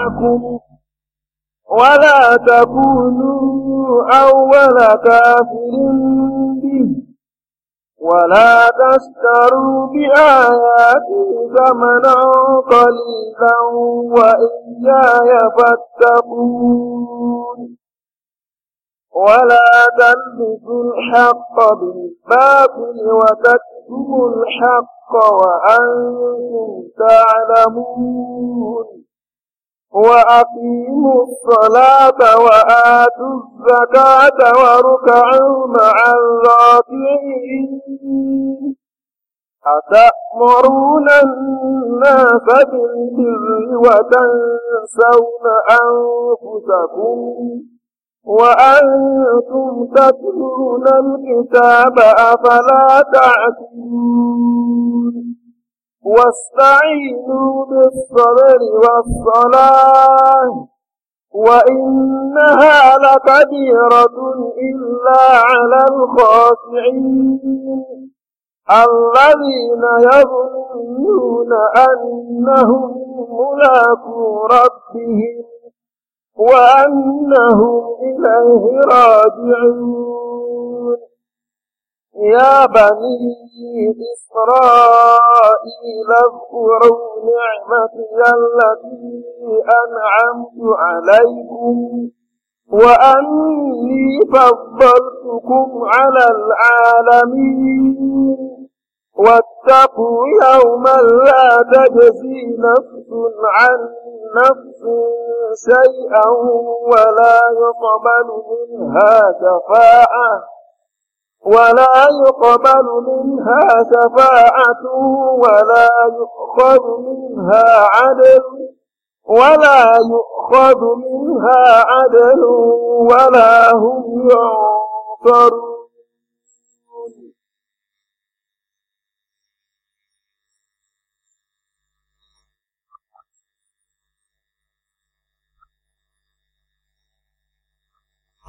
معكم ولا تكونوا أول كافر به ولا تشتروا بآياتي ثمنا قليلا وإياي فاتقون ولا تلبسوا الحق بالباطل وتكتموا الحق وأنتم تعلمون وأقيموا الصلاة وآتوا الزكاة واركعوا مع الراكعين أتأمرون الناس بالبر وتنسون أنفسكم وأنتم تتلون الكتاب أفلا تعقلون واستعينوا بالصبر والصلاة وإنها لكبيرة إلا على الخاشعين الذين يظنون أنهم ملاكو ربهم وأنهم إليه راجعون يا بني إسرائيل اذكروا نعمتي التي أنعمت عليكم وأني فضلتكم على العالمين واتقوا يوما لا تجزي نفس عن نفس شيئا ولا يقبل منها شفاعه ولا يقبل منها شفاعة ولا يؤخذ منها عدل ولا يؤخذ منها عدل ولا هم ينصرون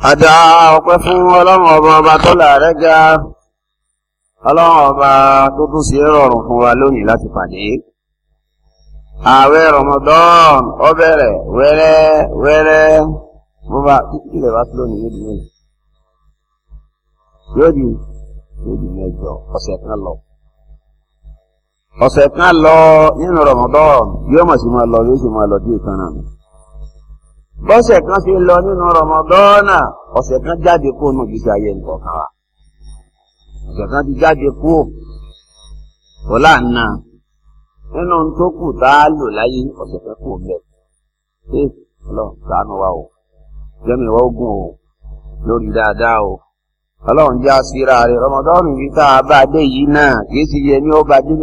àdá ọpẹ́ fún ọlọ́run ọba ọba tó láàrẹ́ ga ọlọ́run ọba tó tún sí rọrùn fún wa lónìí láti pàdé ààwẹ̀ Ramadan ó bẹ̀rẹ̀ wẹ́rẹ́ wẹ́rẹ́ bó bá títí rẹ̀ bá lónìí yóò di mẹ́rin yóò di yóò di mẹ́jọ ọ̀sẹ̀ kan lọ ọ̀sẹ̀ kan lọ nínú Ramadan yóò mọ̀ sí máa lọ yóò sì máa lọ bí ìkan náà bọ́sẹ̀ kan ṣe lọ nínú rọmọdọ́nà ọ̀sẹ̀ kan jáde kó nù gbèsè ayé nǹkan wa ọ̀sẹ̀ kan ti jáde kó kó láàánà nínú tó kù tá a lò láyé ọ̀sẹ̀ kan kò mẹ́ ṣé ọlọ́run ṣàánú o jẹ́mi ogun o lórí o ọlọ́run jẹ́ àṣírà rẹ̀ yìí a bá dé yìí náà kìí ṣe yẹ ní ó bá ní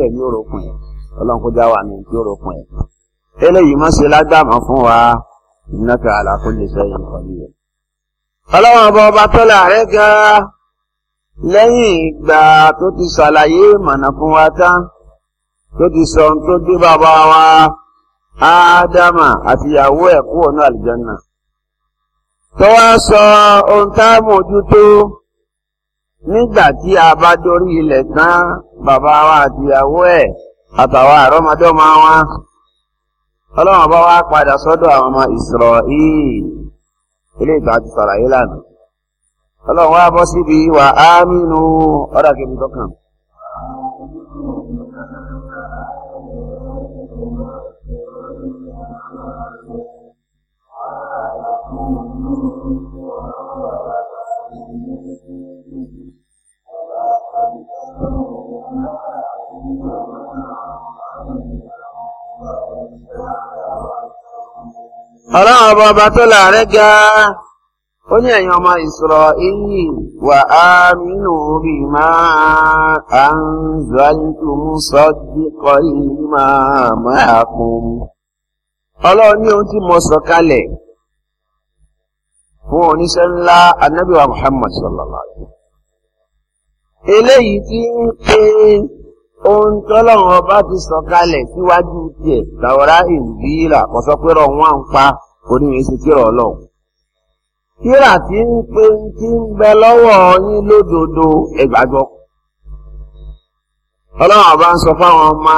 ọlọ́run kó já wà ní eléyìí fún wa. innaka ala kulli shay'in qadir. ọlọ́wọ́n ọba ọba tọ́lá rẹ̀ gan-an lẹ́yìn ìgbà tó ti ṣàlàyé ìmọ̀nà fún wa tán tó ti sọ ohun tó dé bàbá wa ádámà àtìyàwó ẹ̀ kúrò ní àlìjánà tó wá sọ ohun tá a mójútó nígbà tí a bá dórí ilẹ̀ tán bàbá wa àtìyàwó ẹ̀ àtàwọn àrọ́mọdọ́mọ wa. ọlọ́run ọba wa padà sọ́dọ̀ àwọn ọmọ Ísírẹ́lì ilé ìgbà ti sàlàyé lánàá ọlọ́run wa bọ́ síbi wà á mínú ọlọ́run ọba ọba tó láàrẹ́ ga ó ní ẹ̀yin ọmọ Ísírẹ́lì wà á nínú orí máa à ń zọ́lítù sọ́díkọ́ yìí máa máa kún ọlọ́run ní ohun tí mo sọ kalẹ̀ fún oníṣẹ́ ńlá anábìwá Muhammad sallallahu alayhi wa sallam eléyìí ti ohun tọ́lọ́run ọba ti sọ̀kalẹ̀ síwájú tiẹ̀ tàwọ́rá ìbílà kò sọ pé rọrùn wà ń pa oníwèé ṣe kíra ọlọ́run. kíra tí ń pe tí ń bẹ lọ́wọ́ yín lódodo ẹgbàgbọ́. ọlọ́run ọba ń sọ fáwọn ọmọ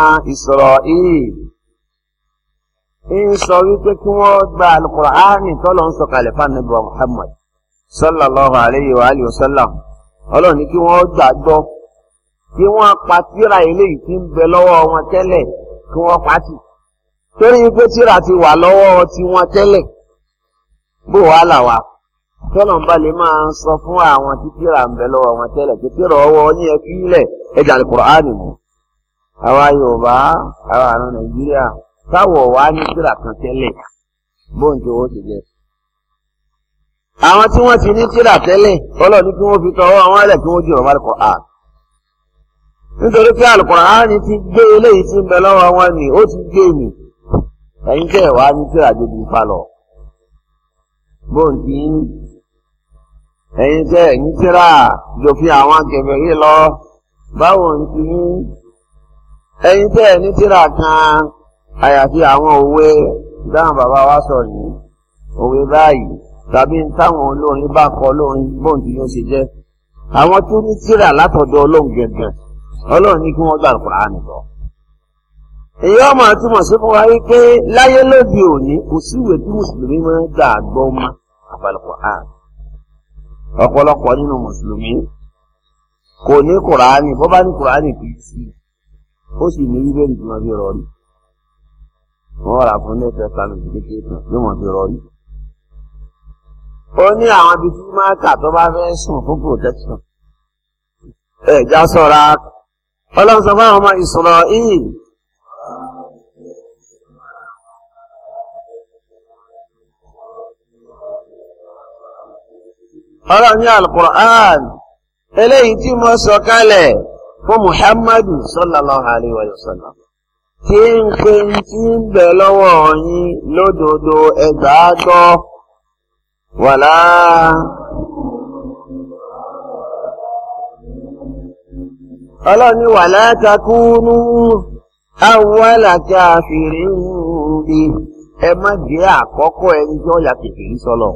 wípé kí wọ́n gba ń sallallahu alayhi wa sallam ọlọ́run ní kí wọ́n kí wọ́n pa tíra eléyìí tí ń bẹ lọ́wọ́ wọn tẹ́lẹ̀ kí wọ́n pa tì torí pé tíra ti wà lọ́wọ́ tí wọ́n tẹ́lẹ̀ bó wàá là wá tọ́lọ̀mbà lè máa ń sọ fún àwọn tí tíra ń bẹ lọ́wọ́ wọn tẹ́lẹ̀ pé tíra ọwọ́ ní ẹ fílẹ̀ ẹ̀dà alukur'ani mu àwa Yorùbá àwa àrùn Nàìjíríà táwọ̀ wá ní tíra kan tẹ́lẹ̀ bóńjó ó ti jẹ àwọn tí wọ́n ti ní tíra tẹ́lẹ̀ ọlọ́ọ̀ni kí wọ́n fi tọwọ́ wọn lẹ̀ kí wọ́n jìrọ̀ bá Al-Qur'an nítorí pé àlùkùránì ti gbé eléyìí tí ń bẹ lọ́wọ́ wọn ni ó ti gbé mi ẹ̀yin tẹ̀ wá ní tí àjòjì ń palọ̀ bóńtì ẹ̀yin tẹ̀ ń tíra jòfin àwọn akẹ̀fẹ̀ yìí lọ báwo ń ti ní ẹ̀yin tẹ̀ ní tíra kan àyàfi àwọn òwe dáhùn bàbá wa sọ yìí òwe báyìí tàbí táwọn olórin bá kọ lórin bóńtì ló ṣe jẹ́ àwọn tó ní tíra látọ̀dọ̀ ọlọ́run gẹ̀gẹ̀ ọlọ́run ní kí wọ́n gbà kùránì lọ. èyí ọmọ àtúmọ̀ sí fún wa wípé láyé lóde òní kò síwèé tí mùsùlùmí máa ń gbà gbọ́ mọ́ àbálùkù àn. ọ̀pọ̀lọpọ̀ nínú mùsùlùmí kò ní kùránì bó bá ní kùránì kì í sí ó sì ní ilé ìgbìmọ̀ bí rọrí. wọ́n rà fún nẹ́tẹ̀ kánìtì kékeré kan yóò mọ̀ bí rọrí. ó ní àwọn ibi tí tó bá fẹ́ sùn fún protection. ẹ̀já sọ̀rọ̀ ọlọ́run sọ fáwọn ọmọ Ísírẹ́lì ọlọ́run ní al-Qur'an eléyìí tí mo sọ kalẹ̀ fún Muhammadu sallallahu alaihi wa sallam ọlọ́ni wà látàkúnú awọ́là tí a fi rí ẹ má jẹ́ àkọ́kọ́ ẹni tí ọ̀yà kèfèrí sọ́lọ̀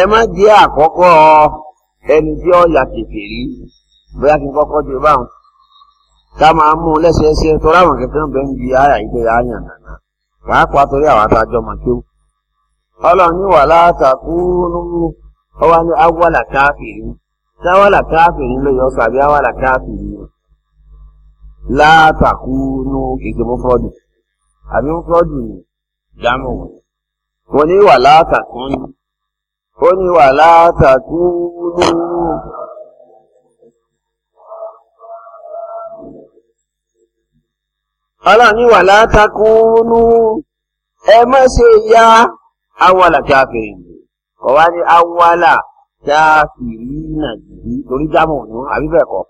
ẹ jẹ́ àkọ́kọ́ ẹni tí ọ̀yà kèfèrí bóyá kí n kọ́kọ́ dé báwọn ká máa mú un lẹ́sẹẹsẹ ń àyà ìgbé pàápàá torí àwọn àtàjọ táwàlà káfìrí ló yọ sàbí àwàlà káfìrí látàkùnú èdè mufrọ́dù àbí mufrọ́dù ni dámù wọn ní wà látàkùnú ó ní wà látàkùnú. ọlọ́run ní wà látàkùnú ẹ má ṣe ya awàlà káfìrí kọ̀ wá ní awàlà káfìrí nàìjírí torí jámọ̀ ní wọn àbí bẹ́ẹ̀ kọ́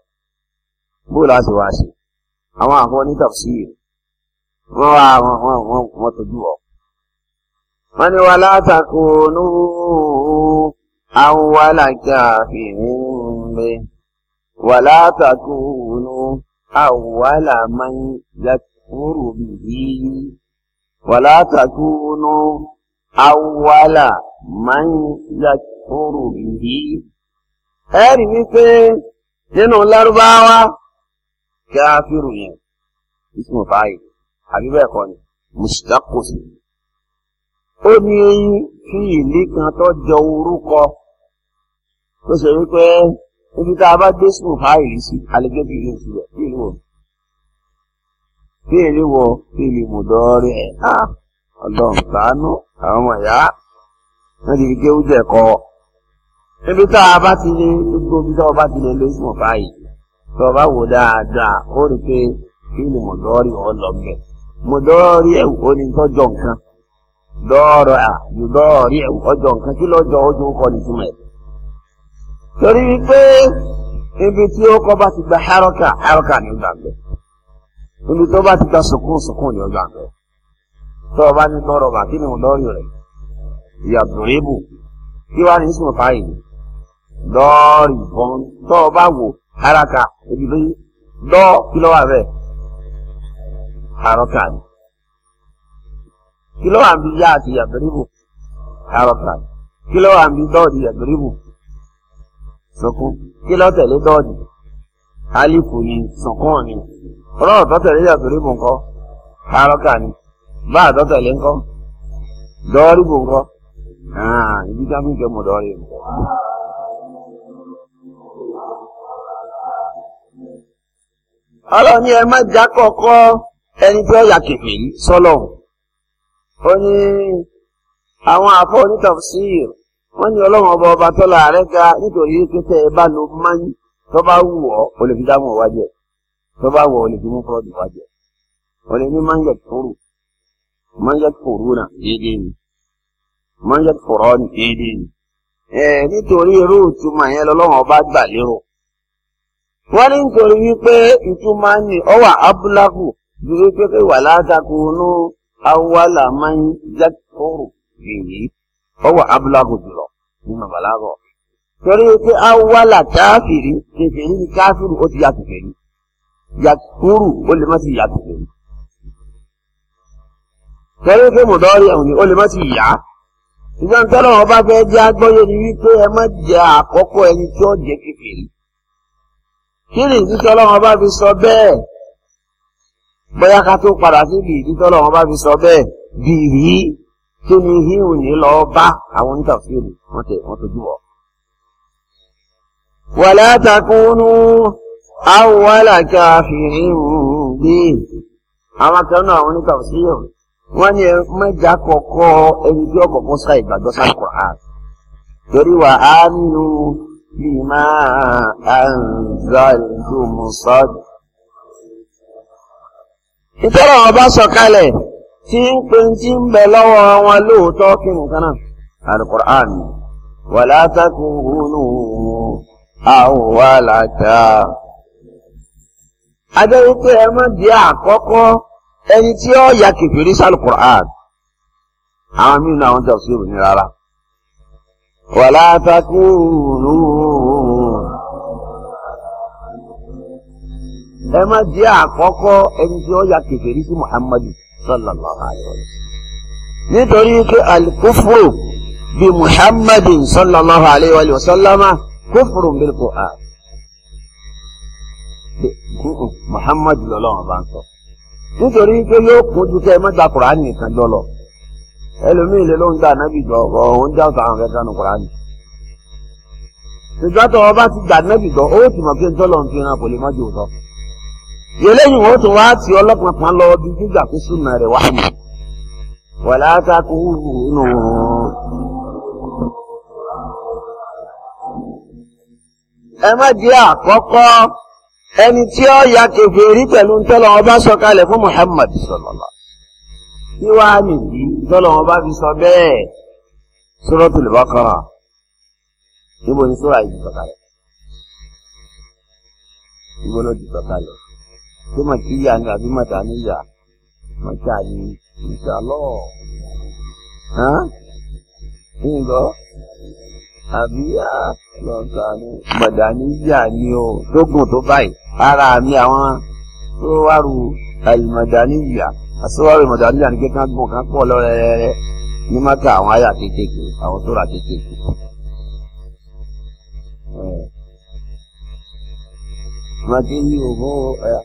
bó láti wá ṣe àwọn àfọ ní tafsir wọn wá wọn wọn wọn tójú ọ. wọn ní wàlá takùnú àwọn wàlá káfìrí ńlẹ wàlá takùnú àwọn wàlá máa ń yàtúrò bìbí wàlá takùnú awala man yakfuru bihi ẹ rí wípé nínú lárúbáwá káfíru yẹn ismu fáyì àbí bẹ́ẹ̀ kọ́ ni mùsùlùmí ó ní fíìlì kan tó jọ orúkọ tó ṣe wípé níbi tá a bá gbé ismu fáyì sí àlejò fíìlì oṣù rẹ̀ fíìlì wọ̀ fíìlì wọ̀ fíìlì mùdọ́rẹ́ ah. ọlọ́run ṣàánú àwọn ọmọ ìyá wọ́n fi gé oúnjẹ níbi a bá ti lé gbogbo bí tá bá ti lé lóṣù mọ̀fá yìí bá wò dáadáa ó rí pé kí ni mọ̀dọ́rì lọ bẹ̀ mọ̀dọ́rì ẹ̀ ní tọ́jọ́ nǹkan dọ́ọ̀rọ̀ à yùdọ́ọ̀rì ẹ̀ ọjọ́ nǹkan kí lọ́jọ́ kọ́ ẹ̀ torí ibi tí ó kọ́ gba haraka haraka ní ibi gba tó o bá ní tọrọ bà kí ni ò lọ́ọ̀rì rẹ̀ ìyàdùrébù kí wàá ní sùn fáyìí lọ́ọ̀rì kan tó o bá wò haraka ebi lóyún lọ́ kí lọ́wọ́ rẹ̀ haraka ni kí lọ́wọ́ àbí yá àti ìyàdùrébù haraka ni kí lọ́wọ́ àbí dọ́ọ̀dì ìyàdùrébù sọkún kí lọ́ọ́ tẹ̀lé dọ́ọ̀dì alifu ni sọkún ni ọlọ́run tó tẹ̀lé ìyàdùrébù nǹkan haraka ni bá àtọ́tẹ̀lé ńkọ́ dọ́ọ́rí kò ńkọ́ ibi tí a fi ń kẹ́ mọ̀ dọ́ọ́rí ńkọ́. ọlọ́run ní ẹ má já kọ̀ọ̀kọ́ ẹni tí ó yà kèfè yìí sọ́lọ̀ ó ní àwọn àfọ onítọ̀síìr wọ́n ní ọlọ́run ọba ọba tọ́lá ààrẹ ga nítorí pé tẹ́ ẹ bá lo máa tó bá wù ọ́ o lè fi dáhùn ọ̀wájẹ́ tó bá wù ọ́ o fi mú fọ́ọ̀dù wájẹ́ o lè ní máa kúrò man yadkuruna déédéé ni man yadkurani déédéé eh, ni nítorí irú ìtumọ̀ yẹn lọ́lọ́run ọba gbà lérò wọ́n ní nítorí wípé ìtumọ̀ ni ọ wà abúlákù ju wípé pé wà látàkùnú awala man yadkuru èyí ọ wà abúlákù jùlọ nínú bàlágọ̀ torí wípé awala káfìrí kékeré ni káfìrí ó ti yàtọ̀ kékeré yàtúrù ó lè má ti yàtọ̀ kékeré tẹ́lẹ̀ pé mọ̀dọ́rì àwọn ò lè má ti yá ìgbà ń tọ́lọ́ ọba fẹ́ jẹ́ agbọ́yé ni wípé ẹ má jẹ́ àkọ́kọ́ ẹni tí ó jẹ́ kékeré kí ni ìdí tọ́lọ́ ọba fi sọ bẹ́ẹ̀ bóyá ká tó padà síbi ìdí tọ́lọ́ ọba fi sọ bẹ́ẹ̀ bìrì kí ni híhù ní lọ bá àwọn onítàfíìlì wọ́n tẹ̀ wọ́n tó jùwọ́. wàlá takunu awwala kafirin bíi àwọn akẹ́kọ̀ọ́ àwọn onítàfíìlì wọ́n ní mẹ́jà kọ̀ọ̀kọ́ ẹni tí ọkọ̀ sáà sáà Qur'an torí wà á nínú bímá àǹzàlù ọba sọ̀kalẹ̀ tí ń pè tí ń bẹ lọ́wọ́ wọn lóòótọ́ kí nìkan náà alukur'an wà látàkùn húnú àwọn wà látà. adéwìtẹ́ ẹ má di ẹni tí ó ya kẹfìrí sálù Qur'an àwọn mímu náà wọn jẹ òsì òbí ní rárá. wàlá takùnù ẹ má jẹ́ àkọ́kọ́ ẹni tí ó ya kẹfìrí sí Muhammadu sallallahu alayhi wa sallam. nítorí pé alikufru bi Muhammadin sallallahu alayhi wa sallama kufru bil Muhammadu lọ́lọ́wọ́n bá ń sọ. nítorí pé yóò kójú kẹ́ ẹ má kùránì nìkan jọ lọ ẹlòmíì lè ló ń gba nábì jọ òun já àwọn ọba ti da nábì jọ ó ti mọ̀ pé ntọ́lọ̀ ń fi hàn kò lè má jò sọ. yẹlẹ́yìn ó tún wá ti ọlọ́pàá kan lọ bí gíga kó súnmọ́ rẹ̀ wá ẹni tí ó ya kèfèrí pẹ̀lú ntọ́lọ́ ọba sọ̀kalẹ̀ fún Muhammad sọlọ́lá kí wàá nìyí ntọ́lọ́ ọba fi sọ bẹ́ẹ̀ Suratul Baqara níbo ni sọ́ra yìí sọ̀kalẹ̀ níbo ló ti sọ̀kalẹ̀ tó mà kí yà ni àbí mà tà ní yà mà tà ní ìṣàlọ́ ẹ̀ ń gbọ́. àbí mọ̀dàníyà ni o tó tó báyìí ara mi àwọn tó wárù àlùmọ̀dàníyà àsọwárù mọ̀dàníyà ni kékan gùn kan pọ̀ lọ́rẹ́rẹ́rẹ́ ní mọ́tà àwọn àyà kékèké àwọn tó ra kékèké. Màtí ní òbó ẹ̀.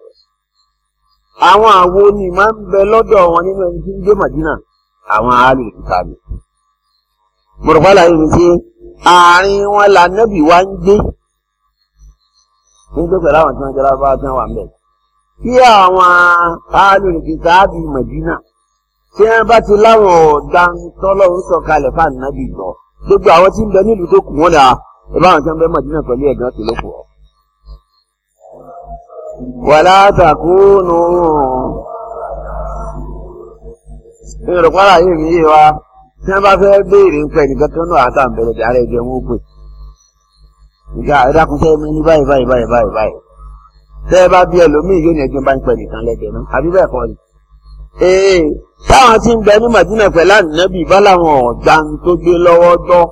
àwọn àwo ni máa ń bẹ lọ́dọ̀ wọn nínú ẹni tí ń gbé Màdínà àwọn àálù ìta ni. mọ̀rọ̀pálá yìí ni pé àárín wọn la nẹ́bì wá ń gbé ń gbé pẹ̀lú àwọn tí wọ́n jẹ́ lábá tí wọ́n wà ń bẹ̀. kí àwọn àálù ìta bí Màdínà tí wọ́n bá ti láwọn ọ̀dàntọ́lọ́ ń sọ kalẹ̀ fáànù náà gbọ́ gbogbo àwọn tí ń bẹ nílùú tó kù wọ́n là ẹ bá àwọn tí wọ́n bẹ Màdínà pẹ̀lú ẹ̀gán tó lóko ọ̀ wàlá tàkúnù ìrọ̀pára yìí ní yé wa tí wọ́n bá fẹ́ béèrè ń pẹ́ nìkan tó ń náà àtà bẹ̀rẹ̀ tí ara ẹ̀jẹ̀ wọn pè ìgbà ìdákùnṣẹ́ mi ní báyìí báyìí báyìí báyìí báyìí tẹ́ ẹ bá bí ẹlòmíì yóò ní ẹ̀jẹ̀ bá ń pẹ́ nìkan lẹ́jẹ̀ náà àbí bẹ́ẹ̀ kọ́ ni. ee táwọn tí ń bẹ ní Madina pẹ̀lú ànínábì bá ọ̀gbàn tó gbé lọ́wọ́ dọ́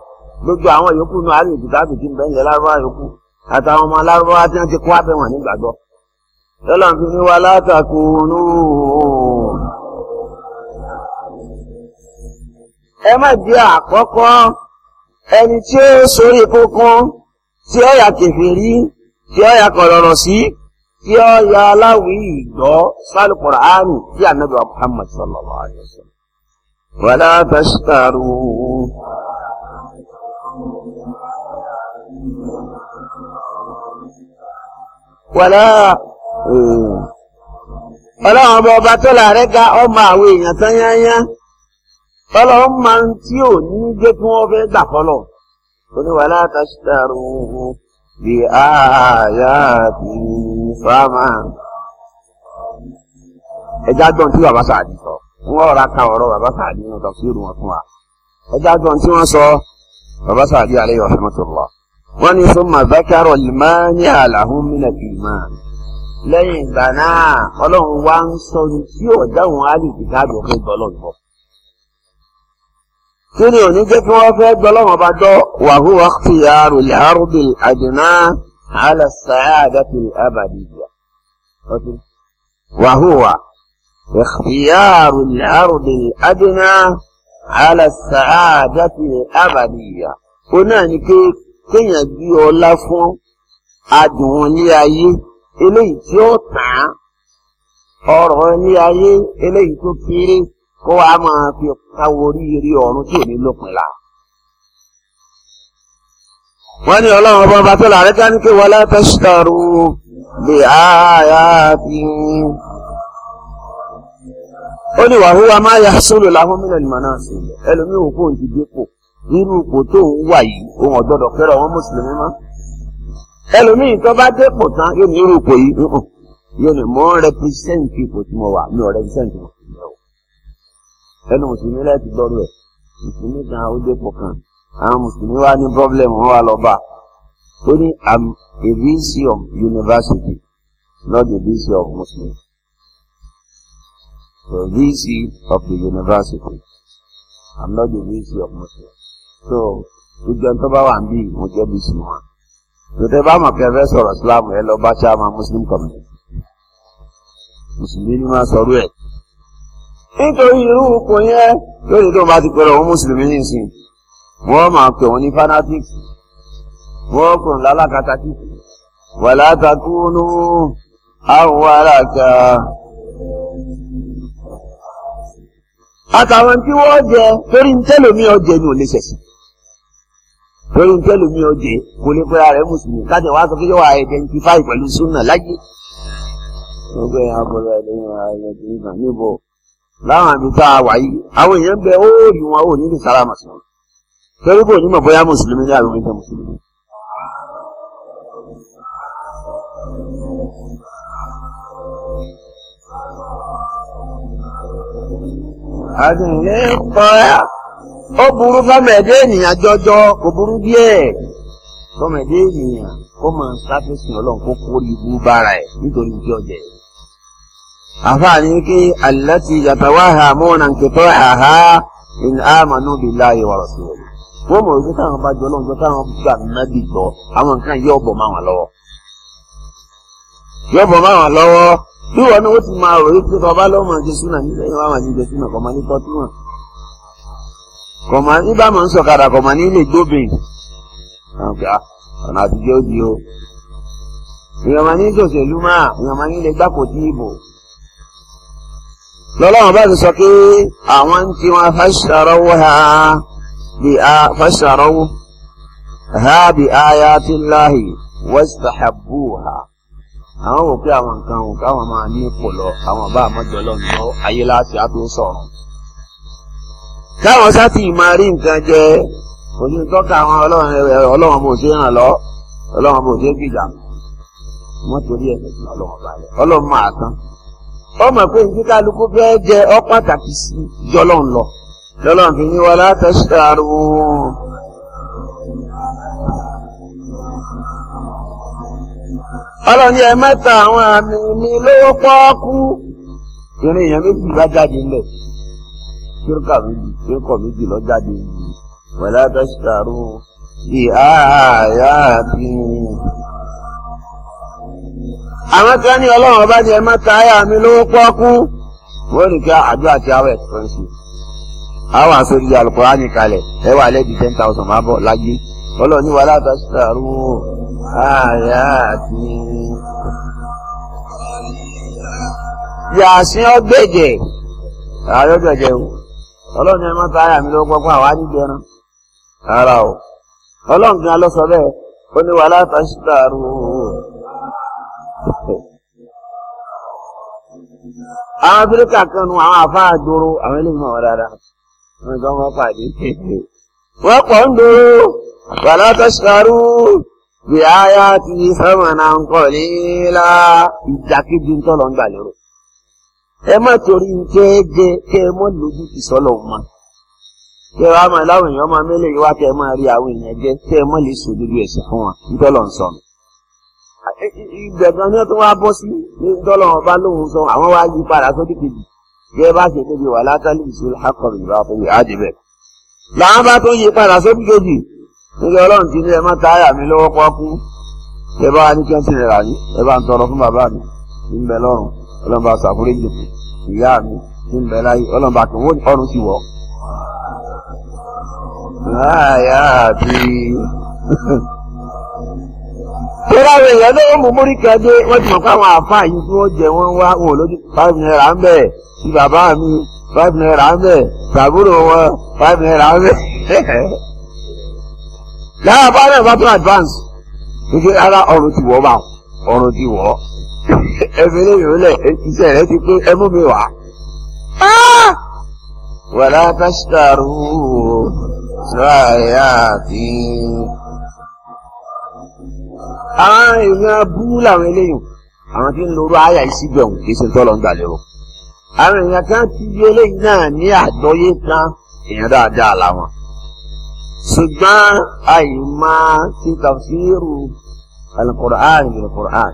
lójú àwọn yòókù náà àrègbè tábìtì ń bẹ́ẹ̀ lárúbáwá àtàwọn ọmọ alárúbáwá tí wọ́n ti kó abẹ́wọ̀n nígbàgbọ́ tọ́lọ̀ fi ní wa látàkùnú ẹ má jẹ́ àkọ́kọ́ ẹni tí ó sórí kókún tí ó yà kèfèrí tí ó yà kọ̀rọ̀rọ̀ sí tí ó yà aláwì ìgbọ́ sálùkùrọ̀ áàmì tí ànábì wa Muhammad sallallahu alayhi wa sallam wa la tashtaru wàlá ọlọ́run ọba ọba tó láàrẹ́ ga ọmọ àwọn èèyàn tán yányá ọlọ́run máa ń tí ò ní gbé kí wọ́n fẹ́ gbà fọlọ̀ oníwàlá tàṣítàrú bí ààyà bí fáàmà ẹjá gbọ́n tí bàbá sàdí sọ wọ́n rà ọ̀rọ̀ bàbá sàdí wọn fún wa gbọ́n tí wọ́n sọ bàbá sàdí alayhi rahmatullah wọ́n ní lẹ́yìn ìgbà náà ọlọ́run wá ń sọ ní tí ò dáhùn áàlìkì káàdì òfin gbọ́ lọ́nà bọ̀. kí ni òní jẹ́ kí wọ́n fẹ́ gbọ́ lọ́wọ́ bá dọ́ wàhú wákìtì yaaru lè arúgbìn àdùnná àlà sàáyà àdàkùnrin abàdìyà. wàhú wa wákìtì yaaru lè arúgbìn àdùnná àlà sàáyà àdàkùnrin abàdìyà. ó náà ni pé kéèyàn bí ọlá fún adùn ní ayé. eléyìí tí ó tàn ọrọ̀ ní ayé eléyìí tó kéré kó wàá máa fi káwọ oríire ọrụ tí ò ní lópin la. wọ́n ní ọlọ́run ọba bàtà làárẹ̀ ká ní kí látà ṣàrò lè ààyà fi. ó ní wàhúwa yà sólò láwọn sí ipò tó ń wà yìí ohun ẹlòmíì tó bá dé pò tán yóò ní irú ipò yìí yóò ní mò ń represent ipò tí mo wà mi ò represent ipò tí mo ẹnu mùsùlùmí láti gbọ́dọ̀ ẹ̀ mùsùlùmí kan ó dé pò kan àwọn mùsùlùmí wá ní problem wọn wá lọ ó ní am a vc of university not a vc of muslim so vc of the university i'm not the vc of muslim so gbogbo ẹni tó bá wà ń bí mo jẹ́ bíi sinimá tòtẹ́ bá mọ̀ kẹfẹ́ sọ̀rọ̀ sílámù ẹ lọ bá ṣáàmà muslim community mùsùlùmí ni máa sọ̀rọ̀ ẹ̀ nítorí irú ipò yẹn lórí tó bá ti pẹ̀rọ òun mùsùlùmí nìsín wọ́n máa pè wọ́n ní fanatics wọ́n kò ń lálákàtà kí wà látàkùnú àwọn alága àtàwọn tí wọ́n jẹ torí ń tẹ́lòmí ọjẹ ni ò lè ṣẹ̀sìn lórí ń tẹ́lu mi ọjẹ́ kò lè pẹ́ra rẹ̀ mùsùlùmí káti wàá sọ pé yóò wá identify pẹ̀lú súnà láyé. ẹgbẹ́ abọ́lá ẹlẹ́yìn ààrẹ ti nígbà níbo láwọn àbí tá a wà yìí àwọn èèyàn bẹ ó rí wọn ò ní lè sára mùsùlùmí torí kò onímọ̀ bóyá mùsùlùmí ní àrùn ìjọ mùsùlùmí. àdùnnú kọ́ ẹ́. ọ bụrụ fọmọ ẹdẹ ya jọjọ kò burú díẹ̀ fọmọ ẹdẹ ènìyàn kó máa sáfẹsì Ọlọ́run kó kó ibú bára ẹ nítorí ìdí ọjẹ àfààní ha àlẹ́tì na mọ́nà nkìtọ́ in amanu billahi wa rasulihi bí wọn ni ti máa nígbà yẹn na kọ̀mọ̀ nígbà mọ̀ ń sọ̀kadà kọ̀mọ̀ ní ilé gbóbìn ah, ọ̀nà àtijọ́ di o èèyàn máa ní tòṣèlú máa èèyàn máa ní ilé gbáko dí ìbò lọ́lọ́wọ́n bá ti sọ pé àwọn tí wọ́n fàṣàrọ́wọ́ ha bí a fàṣàrọ́wọ́ ha bí ayatillahi wastahabbuha àwọn wò pé àwọn nǹkan òun káwọn máa ní ipò lọ àwọn bá àmọ́jọ́ lọ́nà ayé láti á tó sọ̀rọ̀ káwọn sátì máa rí nǹkan jẹ kò ní tọ́ka àwọn ọlọ́run ọlọ́run ọmọ òṣèré hàn lọ ọlọ́run ọmọ òṣèré gbìjà wọ́n torí ẹ̀ ọlọ́run balẹ̀ ọlọ́run máa tán ọmọ pé ní kálukú fẹ́ jẹ ọ́ pàtàkì jọlọ́run lọ lọ́lọ́run fi ní wọlé àtẹ̀síkàrù. ọlọ́run ní mẹ́ta àwọn àmì mi lówó pọ́ọ́kú ìrìn èèyàn méjì bá jáde ńlẹ̀. tírókà méjì tírókọ̀ méjì lọ́jáde wẹ̀lá tẹ́sítàrú bí ààyà bí. àwọn tí wọ́n ní ọlọ́run ọba ni ẹ má ta ayà mi lówó pọ́ọ́kú wọ́n ní kí àjọ àti àwọn expensive àwọn àsọ̀rí alukóra ní kalẹ̀ ẹ wà lẹ́bi ten thousand máa bọ̀ láyé ọlọ́run ẹ má ta ara mi lọ́wọ́ pápá o ọlọ́run gan lọ sọ bẹ́ẹ̀ ó ní wàhálà tàṣítà rú àwọn afirika kan nu àwọn àfáà doro àwọn eléyìí mọ̀ wọ́n dáadáa wọ́n jọ wọ́n pàdé wọ́n pọ̀ ń rú bí sọ́mọ̀nà ń nílá ń tọ́lọ̀ ń ẹ má torí kẹ ẹ jẹ kẹ ẹ mọ lójú ti sọlọ mọ kẹ ẹ wá máa láwọn èèyàn máa mélòó yìí wá kẹ ẹ máa rí àwọn èèyàn jẹ kẹ ẹ mọ lè sọ lójú ẹsẹ fún wọn ntọ́lọ̀ ń sọ nù. ìgbẹ̀gbọ́n ni wọ́n tún wá bọ́ sí ntọ́lọ̀ ọba lóhùn sọ àwọn wá yí padà sódì kejì kẹ ẹ bá ṣe níbi wà látàlí ìṣòro akọ̀rọ̀ ìlú àfọwọ́ ìhádìí bẹ́ẹ̀. làwọn bá tún yí padà sódì kejì nígbà ọlọ́run ti ní ẹ má ọlọ́mọba ṣàforíjì ìyá mi ní bẹ́ẹ̀ láyé ọlọ́mọba kì wọ́n ọrùn sì wọ́. láyà àti tọ́lá àwọn èèyàn ló mú mórí kan dé wọ́n ti mọ̀ pé àwọn àáfàá yìí tí wọ́n jẹ wọ́n wá wọn lójú five naira ń bẹ̀ sí bàbá mi five naira ń bẹ̀ sàbúrò wọn five naira ń bẹ̀. láwọn àbá náà bá tún advance gbogbo ara ọ̀run ti wọ̀ bá ọ̀run ti wọ̀ ẹ̀fẹ́ lè yòó lẹ̀ iṣẹ́ rẹ ti pé ẹ mú mi wá. Ah! wàlá tásítàrú sọ àyà àti. àwọn èèyàn abú làwọn eléyìí àwọn tí ń lo orú àyà yìí kì í ṣe tọ́lọ̀ ń gbàlérò. àwọn èèyàn kan ti di eléyìí náà ní àgbọ́yé tán èèyàn dáadáa làwọn. ṣùgbọ́n àyè máa ti tafsiru al-Qur'an bil-Qur'an.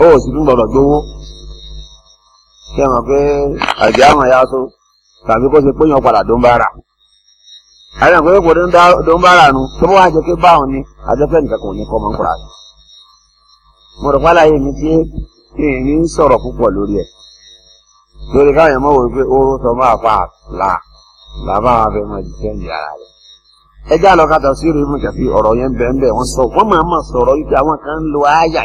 o sì tún gbọdọ̀ gbowó kí ẹ mọ̀ ya so tàbí kó si pé yàn padà dó ń bára àyàn pé kò dó ń bára nu tó bá wà jẹ́ pé báwọn ni nìkan kò ní kọ́ mọ́ rẹ̀ mo rò pálá yìí mi tí èmi ń sọ̀rọ̀ púpọ̀ lórí ẹ̀ lórí pé wa fẹ́ mọ sọ wọ́n máa ma sọ̀rọ̀ yìí pé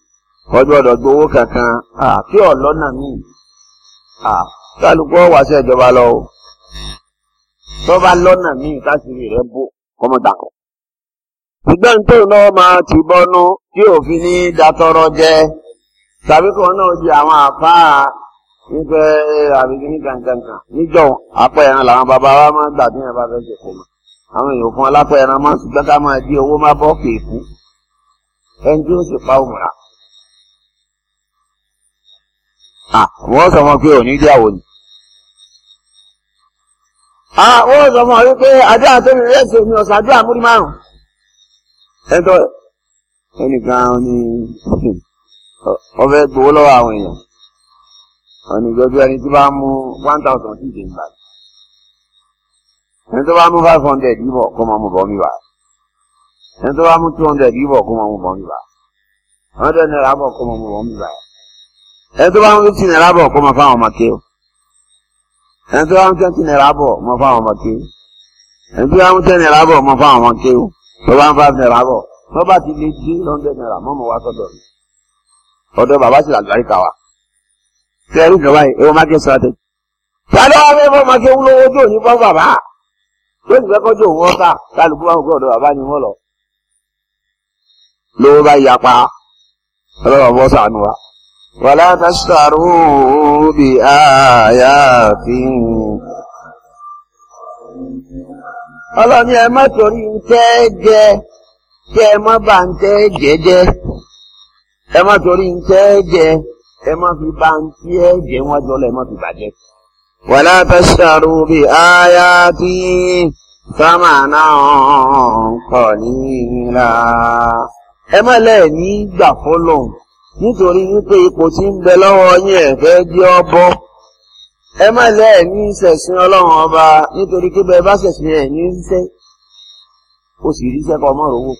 kọjọ́dọ̀ gbowó kankan kí ọ̀lọ́nà míì kálukú ọ̀wá sí ìjọba lọ o tó bá lọ́nà míì káṣírí rẹ̀ bó kọ́mọ̀dàkọ̀. ṣùgbọ́n tó náà máa ti bọ́nú tí òfin ní datọ́rọ́ jẹ́ tàbí kan náà di àwọn àfáà nífẹ̀ àbíkí ní kankankan níjọ́ apẹ̀ ẹran làwọn bàbá wa máa ń gbà tí yẹn bá fẹ́ ṣe fún mi àwọn èèyàn fún alápẹ̀ máa ń ṣùgbọ́n ká máa di owó má bọ́ kéèkú ẹni tí ó sì pa òmùrà. à ah, wọ́n sọ fún ọ pé òní ìyàwó ni. à ah, wọ́n sọ fún ọ wípé àdúrà tó ní rẹ́sì omi ọ̀sán àdúrà múrí márùn-ún. ẹnìkan ni wọ́n fẹ́ gbowó lọ́wọ́ àwọn èèyàn wọ́n ní ẹni tí bá mú one thousand sí ìdè ìgbà ẹni tó bá mú five hundred yìí kó máa mú bọ̀ mi bá ẹni tó bá mú two hundred yìí kó máa mú bọ̀ mi bá hundred naira bọ̀ kó máa mú bọ̀ mi bá ẹni tó bá ń fifty naira bọ̀ kó máa fáwọn ọmọ o ẹni tó bá ń twenty naira bọ̀ máa fáwọn ọmọ o ẹni tó bá ń ten naira bọ̀ máa fáwọn ọmọ o tó bá ń five naira bọ̀ tó bá ti lè dín hundred naira mọ́mọ́ wá sọ́dọ̀ mi ọ̀dọ̀ bàbá sì làgbàríkà wa tẹ́rí ìjọba yìí ewu market strategy tàbí wọn fẹ́ fọ́ market wúlówó tó ní fọ́ bàbá tó bá yapa ọlọ́wọ́ bọ́ sànù wa. ولا تشتروا بآياتي ọlọ́ni ẹ má torí ntẹ́ jẹ kí ẹ má bà ntẹ́ jẹ jẹ ẹ má torí ntẹ́ jẹ ẹ má fi bà ntẹ́ jẹ wọn jọ lọ ẹ má fi bàjẹ́. ولا تشتروا بآياتي ثمنا قليلا ẹ má lẹ́ẹ̀ ní gbà fọlọ́hùn nítorí wípé ipò tí ń bẹ lọ́wọ́ yín ẹ̀ fẹ́ jẹ́ ọbọ̀ ẹ má lẹ́ẹ̀ ní ṣẹ̀sìn ọlọ́run ọba nítorí pé bẹ́ẹ̀ bá ṣẹ̀sìn ẹ̀ ní ṣẹ́ o sì ríṣẹ́ kọ́ mọ́ rówó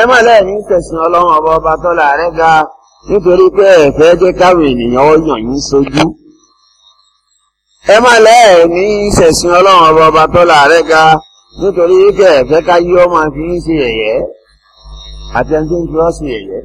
ẹ má lẹ́ẹ̀ ní ṣẹ̀sìn ọlọ́run ọba ọba tọ́lá rẹ̀ ga nítorí pé ẹ fẹ́ jẹ́ káwọn ènìyàn ó yàn yín sójú ẹ má lẹ́ẹ̀ ní ṣẹ̀sìn ọlọ́run ọba ọba tọ́lá rẹ̀ ga nítorí pé ẹ fẹ́ ká yí ọmọ fi ń ṣe ẹ̀yẹ́ àti ẹni tó ń fi ọ́ sí ẹ̀yẹ́.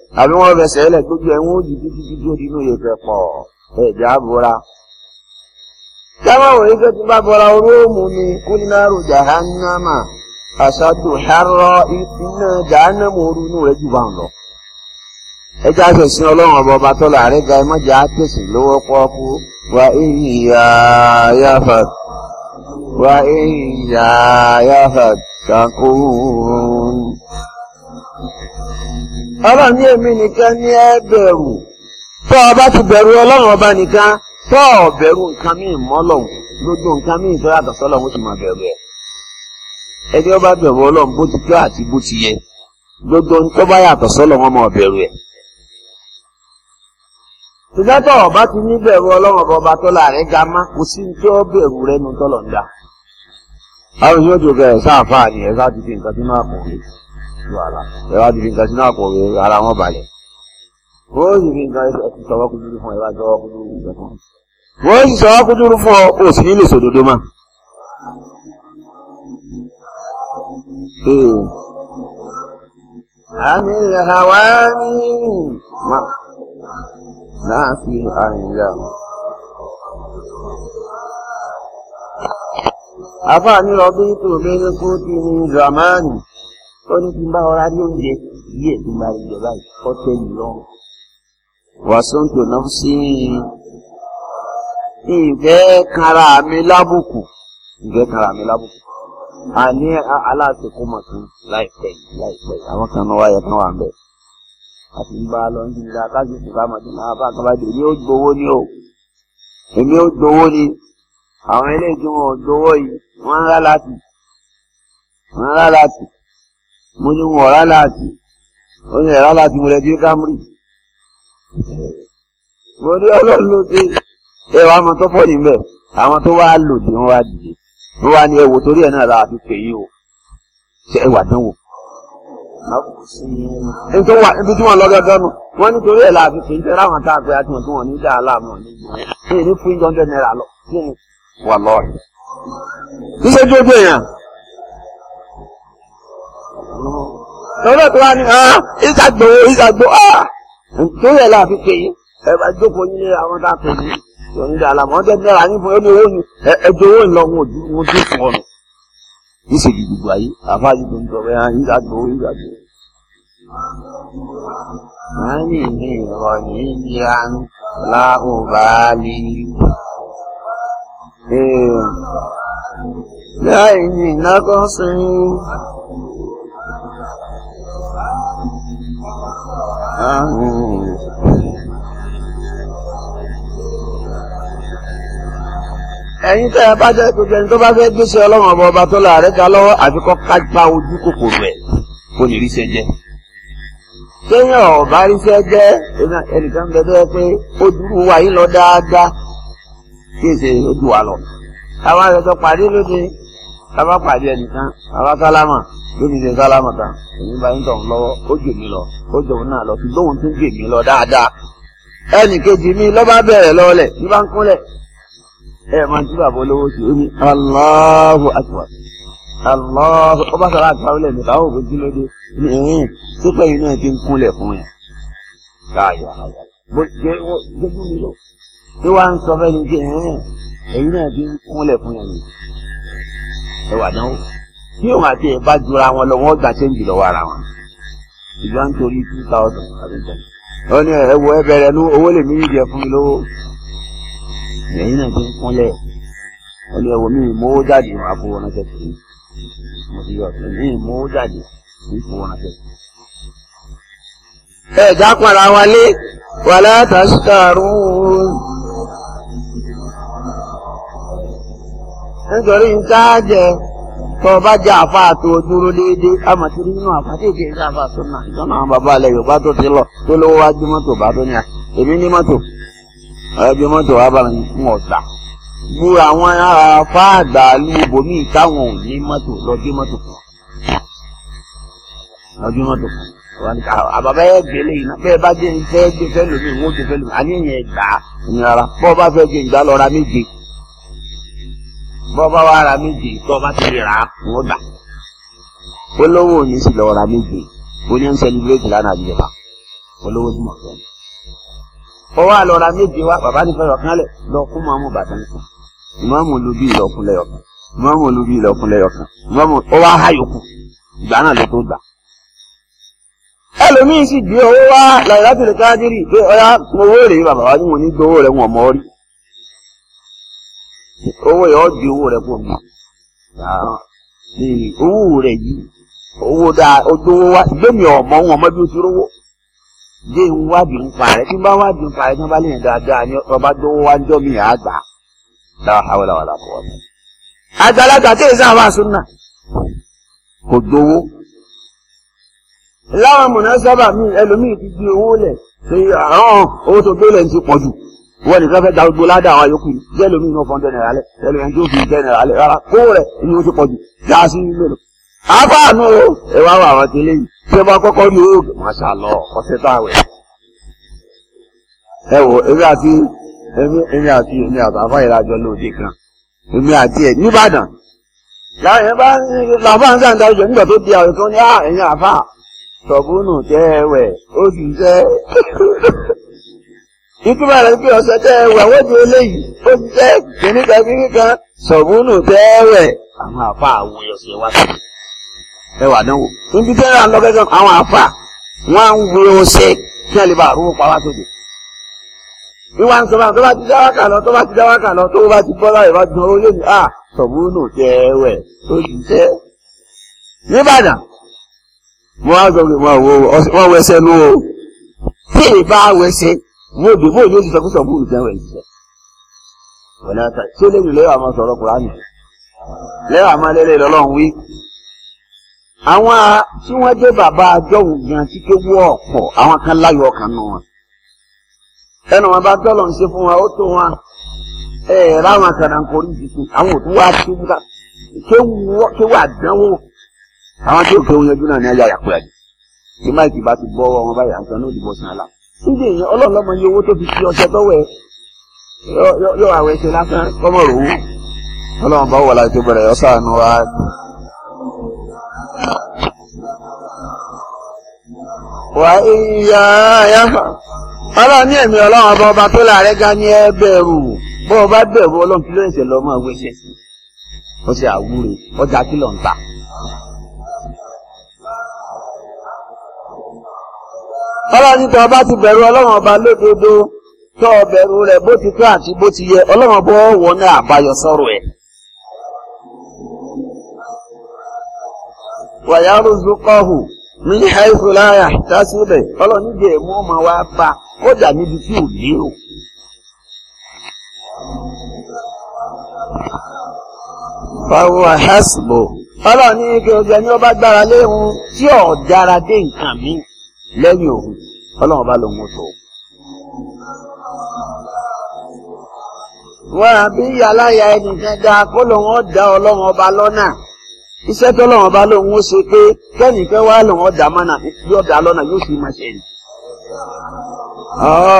àbí wọ́n fẹsẹ̀ ẹlẹ̀ gbójú ẹ̀ wọ́n yí títí títí ó dínú yẹ̀pẹ̀ pọ̀ ẹ̀jẹ̀ àbúra. jábàwò yìí bá ni jahannama iná jahannama oru inú jù bá ọba tọ́lá ẹ lọ́wọ́ pọ́ọ́kú wa wa Ọba ní èmi nìkan ní ẹ bẹ̀rù tó o bá ti bẹ̀rù ọlọ́run ọba nìkan tó o nǹkan míì mọ́lọ́hùn gbogbo nǹkan míì tó yàtọ̀ sọ́lọ́hùn ó sì máa bẹ̀rù ẹ̀ ẹni bá bẹ̀rù ọlọ́run bó yẹ gbogbo bá yàtọ̀ ẹ̀ ọba kò sí ní bẹ̀rù tọ́lọ̀ ń àwọn wàhálà ẹ wá dùn nǹkan sínú àpò rẹ ara wọn balẹ̀ wọ́n sì fi nǹkan ẹ ti sọ̀rọ̀ kúndúrú fún ẹ wá sọ̀rọ̀ kúndúrú ìgbà kan wọ́n sì sọ̀rọ̀ kúndúrú fún ọ o sì nílò sòdodo mà. àmì ìhàwá ní mà náà fi àyìnlá. àfààní rọ̀bí tòmí ní kú ti ní zamani ó ní kí n bá ọra rí oúnjẹ díẹ̀ tó máa rí jẹ báyìí kọ́ tẹ́ mi lọ́rùn. wàsóńtò náà sí ìfẹ́ kanra mi lábùkù ìfẹ́ kanra mi lábùkù a ní aláàtẹ kó mọ̀ tún láìpẹ́ yìí láìpẹ́ yìí àwọn kan náà wáyé kan wà ń bẹ̀. àti ń bá a lọ ń jí nígbà káàkiri tó bá náà bá kan bá dé èmi ó gbowó ni o èmi ó gbowó ni àwọn eléyìí tí wọn ò gbowó yìí wọn ń rá láti wọn ń rá láti. mo ní ọ̀rá láti onye ẹ̀rá láti mo lẹ́jú Camry mo ní ọlọ́run ló ṣe ẹwà àwọn tó pọ̀ níbẹ̀ àwọn tó wá lò tí wọ́n wá dìde wá ní ẹwò torí ẹ̀ náà la fi pè yín o ṣe ẹwà ibi tí wọ́n lọ gángan nù wọ́n nítorí ẹ̀ la fi pè tá a pè àti wọn tí wọ́n ní dáa láàmú ní fún náírà lọ wà lọ́ọ̀rì. lọ́nà tó wá ní ìsàgbòho ìsàgbòho tó yẹ láàfin pé ẹ bá jókòó ní àwọn tá a pè ní ìrìnlẹ̀ àlàmọ́tẹ́ náírà ní fún owó ní ẹjọ́ owó ìlọ́wọ́ ojú fún ọ̀nà ìṣèjì gbogbo ayé àfáàjì tó ń tọrọ ẹ̀ ìsàgbòho ìsàgbòho. Mani ni ghaniyan la ubali. Láì ní ìnákọ́sí. ẹ̀yin tẹ́ ẹ bá jẹ́ gbogbo ẹni tó bá fẹ́ gbèsè ọlọ́run ọba ọba tó láàárẹ̀ ga lọ́wọ́ àfikọ́ kápá ojú kòkòrò ẹ̀ kò lè ríṣẹ́ jẹ́ téèyàn ọba ríṣẹ́ jẹ́ ẹnìkan bẹ tó yẹ pé ó dúró wa yín lọ dáadáa kí èsè ó dùn wá lọ. àwọn àgbẹ̀ tó pàdé lóde tábà pàdé ẹnìkan bàbá sálámà lóbi ṣe sálámà kan èmi bá yín tọ̀hún lọ́wọ́ ó jù mí lọ ó jòun náà lọ ṣùgbọ́n òun tún jù mí lọ dáadáa ẹnì kejì mi lọ́ba bẹ̀rẹ̀ lọ́ọ̀lẹ̀ ní bá ń kúnlẹ̀ ẹ máa ń tí bàbá olówó ṣe ó ní Allahu Akbar Allahu ó bá sọ̀rọ̀ àgbáwó lẹ́nu káwọn òbí kí ló dé ní ẹ̀yìn sípẹ́ yìí náà ti ń kúnlẹ̀ fún yẹn káyà bó ṣe gbẹ́jú mi lọ tí wàá ń sọ fẹ́ni pé ẹ̀yìn náà ti ń kúnlẹ̀ fún yẹn ẹ wà dánwò tí òun àti ẹ̀ bá jura wọn lọ wọ́n gbà ṣéǹjì lọ́wọ́ ara wọn ìjọba ń torí two thousand àbẹ̀tẹ̀ ó ní ẹ wo ẹ bẹ̀rẹ̀ nú owó lè mí yíjẹ fún mi lówó lẹ́yìn náà ti ń kúnlẹ̀ ó ní ẹ wo mí mówó jáde wọn àpò wọn ṣe fún mi mo ti yọ ọ̀sẹ̀ mí mówó jáde wọn àpò wọn ṣe fún mi. ẹ jápara wa lé wàlá tàṣítàrún. nítorí ń tá a jẹ. tọ́ bá jẹ́ àfa àti ojúrú déédéé amọ̀tìrí nínú àfàdé ìdí ìdí àfa sọ́nà ìjọba àwọn bàbá alẹ́ yorùbá tó ti lọ tó lówó wá gbé mọ́tò bá tó ní à èmi ní mọ́tò awọn mọ́tò wá bá mi fún ọ̀tà bu àwọn afá àgbà lu ibòmí ò ní mọ́tò mọ́tò àbàbá yẹn gbélé yìí bọ́ wa wá ra méje tó bá ti rà á kó dà olówó sì lọ ra méje ó ń sẹlẹbírẹ́tì lánàá àbíjọba olówó tí ra méje wa bàbá nífẹ̀ẹ́ kánlẹ̀ bàtà bí lẹ́yọ̀kan bí lẹ́yọ̀kan ó wá háyòkù ìgbà náà ló tó gbà ẹlòmíín sì gbé owó wá káàdìrì pé rèé owó yẹn ọ̀dì owó rẹ̀ kò mọ̀ owó rẹ̀ yìí owó dáa ojúwó wá ọ̀mọ́ ọmọ bí o ti rówó jẹ́ ń wádìí ń pa rẹ̀ tí ń bá wádìí ń pa tí ni ọba dówó wá ń mi á àgbàlagbà kò dówó láwọn mọ̀nà sábà mi ẹlòmíì ti di owó lẹ̀ ṣe àwọn owó tó gbé lẹ̀ ń wọ́n nìkan fẹ́ da gbogbo ládàá wa yòókù jẹ́ lómi iná fún ten naira lẹ̀ tó fi ten naira rárá kó rẹ̀ ni ó ti pọ̀ jù já sí mélòó. àfààní o ẹ wá wà àwọn tẹ́lẹ̀ yìí tí ẹ bá kọ́kọ́ o lọ a wẹ̀. ẹ wo èmi àti èmi àti èmi àti lóde kan èmi àti ẹ nìbàdàn. bá ń ìtumọ̀ rẹ̀ pé ọ̀sẹ̀ tẹ́ ẹ wà wọ́n ju eléyìí ó ti tẹ́ kìnnìkan kìnnìkan sọ̀bùnù tẹ́ẹ̀rẹ̀ àwọn àfa àwọn ọ̀sẹ̀ wá sí ẹ wà dánwò níbi tẹ́ẹ̀rẹ̀ àwọn lọ́gẹ́gẹ́ àwọn àfa wọn à ń wé ọ̀sẹ̀ kí ẹ lè bá àrùn pa wá sóde. ìwà ń sọ̀rọ̀ tó bá ti dáwà kà lọ tó bá ti dáwà kà lọ tó bá ti bọ́ láyé bá dùn ó lé ní à sọ̀bùnù tẹ́ẹ̀rẹ̀ ó ti tẹ́ níbàdàn mo wá sọ pé wọn wọ ẹsẹ nú o tí ì bá wẹsẹ bóòdì bóòdì ó sì sọ pé sọ búrú tẹ́wọ̀n ẹ̀ ṣiṣẹ́ wọ̀lẹ́ ọ̀tá tí ó lè lè lẹ́wà máa sọ̀rọ̀ kùránì lẹ́wà máa lẹ́lẹ́ lọ́lọ́run wí. àwọn tí wọ́n jẹ́ bàbá àjọwò gan tí ké wọ́ ọ̀pọ̀ àwọn kan láyọ̀ ọkàn nù wọn. ẹnu wọn bá tọ́lọ̀ ń ṣe fún wa ó tó wọn ẹ ráwọn kàdánkórí tuntun àwọn òtún wá tó ká ké wà dánwò àwọn tí ò kéwọn yẹjú náà ní ayé àyàpọ̀ àjẹ tí máìkì bá ti bọ́ wọn báyà ń sọ ní òdìbò sí aláwọ̀ síbi èèyàn ọlọ́run lọ́mọ iye owó tó fi fi ọṣẹ tọ́wọ́ ẹ yọ àwẹ̀ ṣe lásán kọ́mọ òwú ọlọ́run bá wọ̀ láti bẹ̀rẹ̀ ọ sànù wa. wà á yá yá ọlọ́run ní ẹ̀mí ọlọ́run ọba ọba tó láàrẹ́ ga ni ẹ bẹ̀rù bọ́ ọba bẹ̀rù ọlọ́run kí ló ń ṣe lọ́mọ ẹgbẹ́ ṣe ó ṣe àwúre ọjà kí ló ń ta. ọlọ́run tó bá ti bẹ̀rù ọlọ́run ọba lódodo tó ọbẹ̀rù rẹ̀ bó ti tó àti bó ti yẹ ọlọ́run bó ọwọ́ ní àbáyọ sọ̀rọ̀ ẹ̀. wàyà rúzukọ́hù mi ní àìsù láyà dásílẹ̀ ọlọ́run níbi èmú ọmọ wa bá kódà níbi tí ò lérò. fáwọn àhásìbò ọlọ́run ní kí ọjọ́ ni ó bá gbára léhun tí ò dára dé nǹkan míì. lẹ́yìn òun ọlọ́run bá lòun tó. wọ́n á bí aláya ẹnìkan dá kó dá ọlọ́run ọba lọ́nà iṣẹ́ tọ́lọ́run ọba lòun ṣe pé kẹ́nìkan wá lòun dá mọ́nà yóò dá lọ́nà yóò máa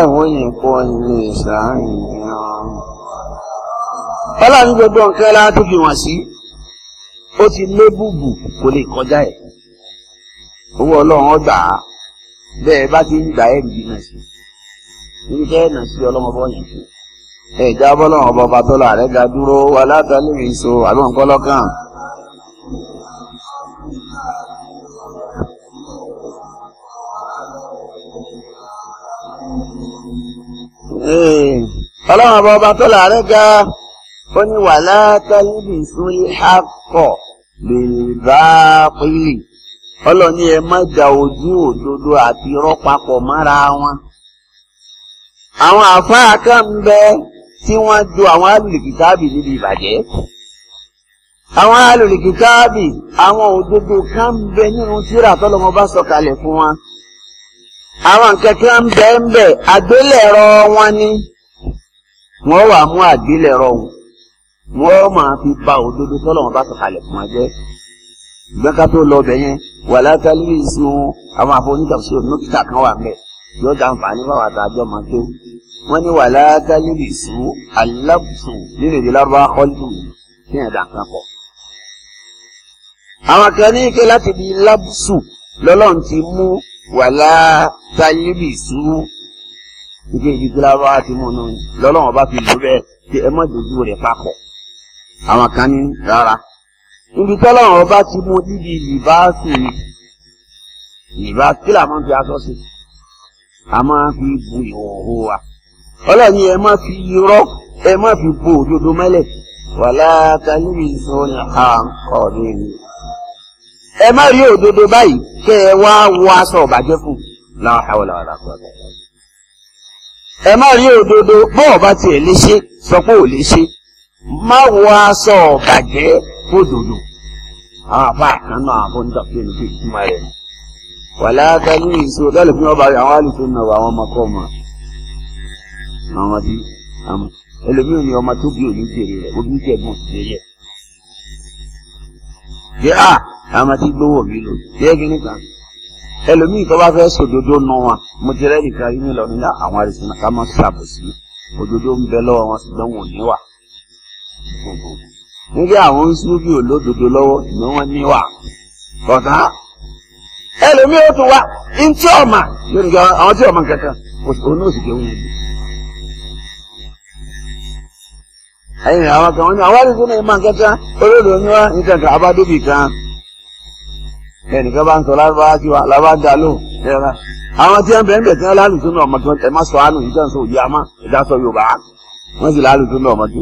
kọ́ ilé gbogbo nǹkan láti fi wọ̀n sí ó ti lé bẹ́ẹ̀ bá ti ń gbà ẹ́ rí náà sí níbi tẹ́ náà sí ọlọ́mọbọ yẹn fún ẹ jábọ́ lọ́wọ́ bọba tọ́lọ́ àrẹ ga dúró wà látàlú ìṣó àbọ̀ nǹkan lọ́kàn. ọlọ́run ọba ọba tọ́lọ́ ga ó ní wà látàlú ìṣó ìhàkọ̀ lè bá pínlẹ̀ ọlọ́ni ẹ má da ojú òdodo àti irọ́ papọ̀ mọ́ra wọn. àwọn àfáà kan ń bẹ tí wọ́n ju àwọn alùlùkìtáàbì níbi ìbàjẹ́. àwọn alùlùkìtáàbì àwọn òdodo kan ń bẹ nínú tírà tọ́lọ́mọ bá sọ̀kalẹ̀ fún wọn. àwọn nǹkan kan ń bẹ ń bẹ àgbélẹ̀rọ wọn ni wọ́n wà mú àgbélẹ̀rọ wọn wọ́n máa fi ba òdodo tọ́lọ́mọ bá sọ̀kalẹ̀ fún wọn jẹ́ gbẹ́ká tó lọ ọbẹ̀ yẹn wà látàlí ìsìn àwọn àfọwọ́nìtàṣe ònúkìtà kan wà mẹ́ yóò dá nfààní báwa tá a jọ máa tó wọ́n ní wà látàlí ìsìn alábùsùn nínú èdè lárúbá kọ́lù ní ẹ̀dá kan pọ̀. àwọn kan ní ike láti di lábùsù lọ́lọ́run ti mú wà látàlí ìsìn ike ìdíje lárúbá ti mú un lọ́lọ́run ọba fi lù bẹ́ẹ̀ kí ẹ mọ̀ dojú rẹ̀ papọ̀ àwọn kan rárá níbi tọ́lọ́run ọba ti mú níbi ìbáàsì ìbáàsì kí fi aṣọ sí a máa fi bu ìhòòhò wa ọlọ́ọ̀ni ẹ má fi irọ́ ẹ má fi bo òdodo mẹ́lẹ̀ wàlá kálíwì sọ̀rọ̀ àǹkọ̀ọ́dé mi ẹ má rí òdodo báyìí kẹ́ ẹ wá wọ aṣọ ọ̀bàjẹ́ fún láwọn àwọn làwọn àgbà ẹ má rí òdodo bọ́ọ̀ bá tiẹ̀ lè ṣe sọ pé ò lè ṣe má wọ aṣọ ọ̀bàjẹ́ fódòdò àwọn àfa kan náà àwọn fóńdà pé ní fífi máa rẹ̀ wàlá tẹ́lú ìṣó lọ́lẹ̀ fún ọba àwọn àlùfẹ́ náà wà àwọn ọmọkọ́ ọmọ àwọn ti ẹlòmíràn ni ọmọ tó bí òní jèrè rẹ̀ ó bí jẹ̀gbọ́n ti jẹ́ yẹ̀ yẹ a àwọn ti gbowó mi lò yẹ kí nìkan ẹlòmíì tó bá fẹ́ sòdodo nù wọn mo ti nìkan yín lọ nílẹ̀ àwọn àrìsàn ká má ṣàbòsí òdodo ń bẹ lọ́wọ́ wọn ṣùgbọ́n wọn ò ní nke ahụ ń súnfì olódodo lọ́wọ́ wọn níwà kọ̀tà ẹlòmíì wọn ni wa níta kan abádébì kan ẹnìkan bá ń sọ wa lábá àwọn tí wọn bẹ̀rẹ̀ bẹ̀rẹ̀ tí wọn lálùtún náà ọmọdún má sọ àánú yìí tí wọn sọ òjì sọ Yorùbá wọn sì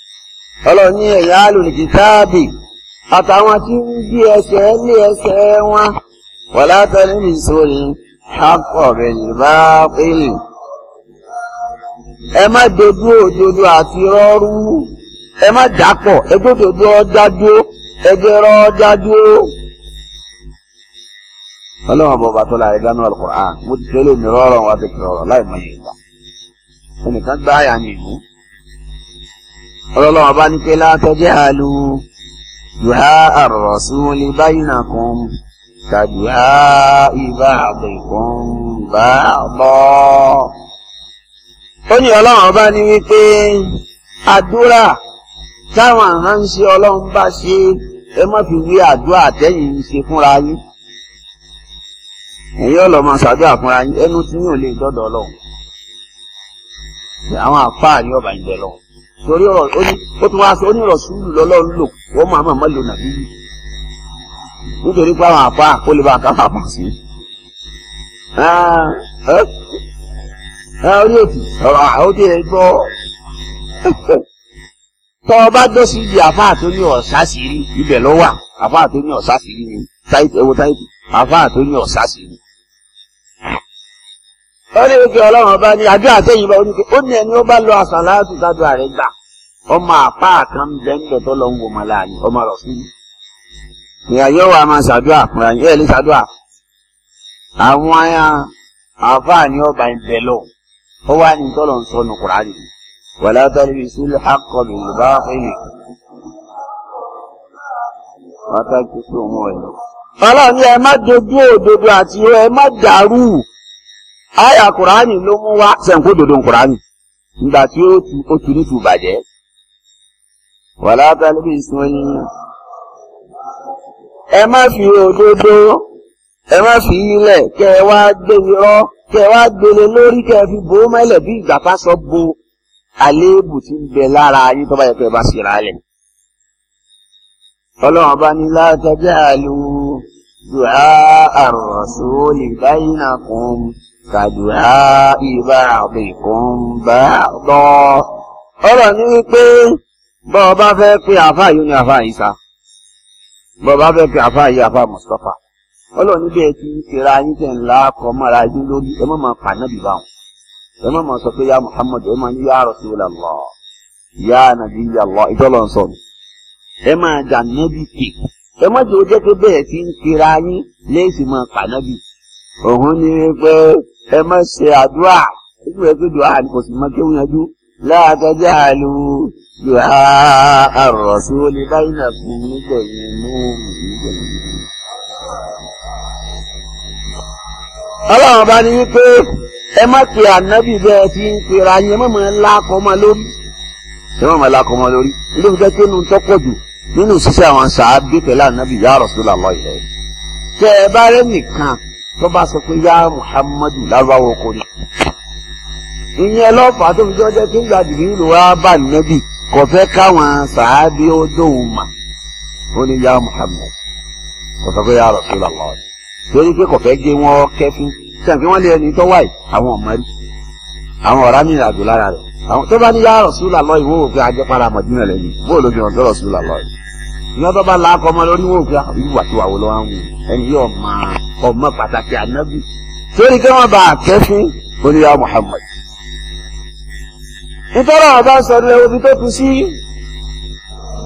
ọlọ́run ní ẹ̀yà alùlùkìtáàbì àtàwọn tí ń bí ẹsẹ̀ lé ẹsẹ̀ wọn wà látàrí nìṣòrí akọ̀rẹ̀ ìbáfẹ́lì. ẹ má dojú òdodo àti rọ́rú ẹ má dàpọ̀ ẹgbẹ́ òdodo ọjà ọlọ́run mo ti tẹ́lẹ̀ mi láì mọ̀ gbà. ẹnìkan gbá àyà mi mú. ọlọ́lọ́wọ́ ọba ní pé látọ́jẹ́ àlù dùhà ar-rasuli bainakum kàdùhà ba'dikum ba'da. ọba ní wípé àdúrà táwọn àhánṣe ọlọ́run bá ṣe ẹ má fi wí àdúrà àtẹ́yìn ṣe fúnra yín ṣàdúrà fúnra yín ẹnu tí yóò lè dọ́dọ̀ ọlọ́run àwọn àpáàrí ọba ìjẹ torí onye ó tún wá sọ ó ní ọ̀rọ̀ sùúrù lọ́lọ́run lò wọ́n mọ̀ àmọ́ mọ́lò nàbí yìí nítorí pé àwọn àfa sí. orí ọ̀rọ̀ àwọn gbọ́ tọ́ ọ bá tó ní ọ̀sá sí rí ibẹ̀ wà ó ní òkè ọlọ́run ọba ní àdúrà àtẹ̀yìn bá oníke ó ní ẹni ó bá lọ àsàlátù sádùn ààrẹ gbà ọmọ àpá kan bẹ́ńbẹ́ tó lọ ń wò mọ́ láàyè ọmọ rọ̀ sí i. ìyá yóò wá máa ṣàdúrà fúnra yín ẹ̀ lè ṣàdúrà àwọn àfáà ní ọba ìbẹ̀ lọ ó wá ní tọ́lọ̀ ń sọnù Kùránì wàlá tọ́lẹ̀ ìṣúlẹ̀ àkọlù ìlúbá fẹ́lẹ̀ wàtá kí ọlọ́run ẹ má dojú òdodo àti ẹ má dàrú àyà kùránì ló mú wá sẹ̀ǹkó dòdò kùránì nígbà tí ó tu ó tu ní tu bàjẹ́ wàlá tálíbí sun ẹ má fi òdodo ẹ má fi ilẹ̀ kẹ ẹ wá gbé irọ́ kẹ ẹ wá gbélé lórí kẹ fi bò ó mẹ́lẹ̀ bí ìgbà fásọ bo àléébù tí ń bẹ lára yín tó bá yẹ kó bá sì ra lẹ̀. ọlọ́run bá ní látọ́jà lu du'a ar-rasuli bainakum. kàdùhá ìbá àbìkún bá lọ. ọ̀rọ̀ ni wípé bọ́ ọba fẹ́ pé àfáà yìí ni àfáà Ìsá bọ́ ọba fẹ́ pé àfáà yìí àfáà Mustapha ọlọ́run níbẹ̀ ti ń tẹ̀ra yín tẹ̀ ń la ọkọ̀ mọ́ra yín lórí sọ pé máa ní yá yá ẹ má ṣe àdúrà nígbà yẹn pé dùá ni kò sì mọ kéwù yanjú láàtọ́jà lu dùá àrọ̀ sí olè báyìí náà fún nígbà yẹn mú nígbà yẹn. ọlọ́run bá ní wípé ẹ má pe ànábì bẹ́ẹ̀ tí ń pera yẹn mọ̀ mọ́ ńlá kọ́mọ lórí ẹ mọ̀ mọ́ ńlá lórí ilé ìfẹ́ pé nu tọ́pọ̀ jù nínú ìṣiṣẹ́ àwọn sàábí pẹ̀lú ànábì yá Rasulullah ilẹ̀ tẹ́ ẹ bá rẹ́ nìkan tó bá sọ pé yá muhammadu lárúbáwọ ọkùnrin ìyẹn lọ́fàá tó fi jọ́ jẹ́ kí ń gba jìbìrìlù wá bá nẹ́bì kò fẹ́ káwọn sàábí ó dóhùn mà ó ní yá muhammad kò sọ pé yá rasulullah torí pé kò fẹ́ gé wọn kẹ́fín sẹ́ǹkì wọ́n lé ẹni tó wáyé àwọn ọmọ àwọn ọ̀rá mi ìrìnàjò lára rẹ̀ àwọn tó bá ní yá rasulullah ìwọ́n òfin ajẹ́pára mọ̀dínà lẹ́yìn bóòlù fi hàn sí rasulullah ìyẹn tó bá la akọ ọmọ lórí wọn ò fi ah, ìwà tó wà wọ lọ́wọ́ àwọn ẹni yóò máa ọmọ pàtàkì ànábì sórí kí wọ́n bá a kẹ́ fún oníyà Muhammad. nítorí àwọn bá ń sọ ilé omi tó kù sí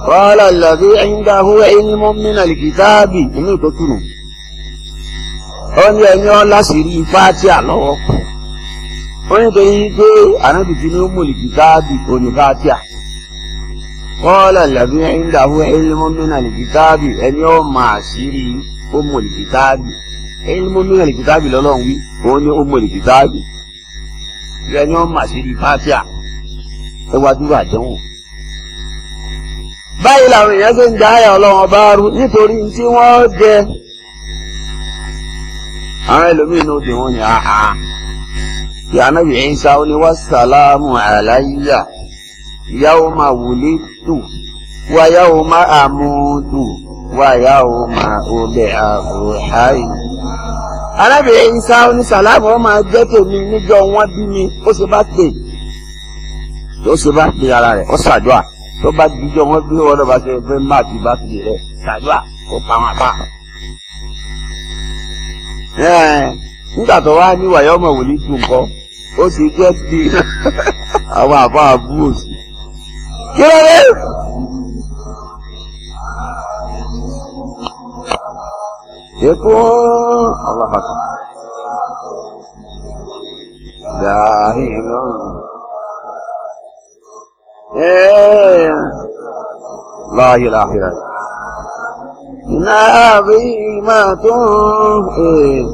wàhálà ìlàbí indahu ilmun minal kitabi inú tó kùnú. ó ní ẹni ọlá sì rí Fátíà lọ́wọ́ kù. ó ní torí pé ànábì ti ní kọ́ọ̀lá lẹ́bí ìdáhùn ẹlẹ́mọ́mínà lìkítàbì ẹni ó máa sírí ó mọ̀ lìkítàbì báyìí làwọn èèyàn ṣe ń àyà ọba nítorí tí wọ́n jẹ àwọn ẹlòmíín náà dè wọ́n ní àhà ìyá náà yàwó máa wòlé tù wà yàwó máa àmúdù wà yàwó máa olè àbò àì. arábìnrin isa onísàlámù ọmọ ẹgbẹ́ tèmi níjọ́ wọ́n bí mi ó ṣe bá pè ó ṣe bá pè ara rẹ̀ ó ṣàdúà tó bá dijọ́ wọ́n bí wọ́n lọ́ba ṣe fẹ́ má ti bá pè rẹ̀ ṣàdúà kó pa wọn pa. nígbà tó wá ní wàyọ́mọ̀ wòlíì tù nǹkan ó sì jẹ́ bí àwọn àbá àbúrò sí. Get يكون الله أكبر داهين إيه لا إله إلا الله نعظيمة إيه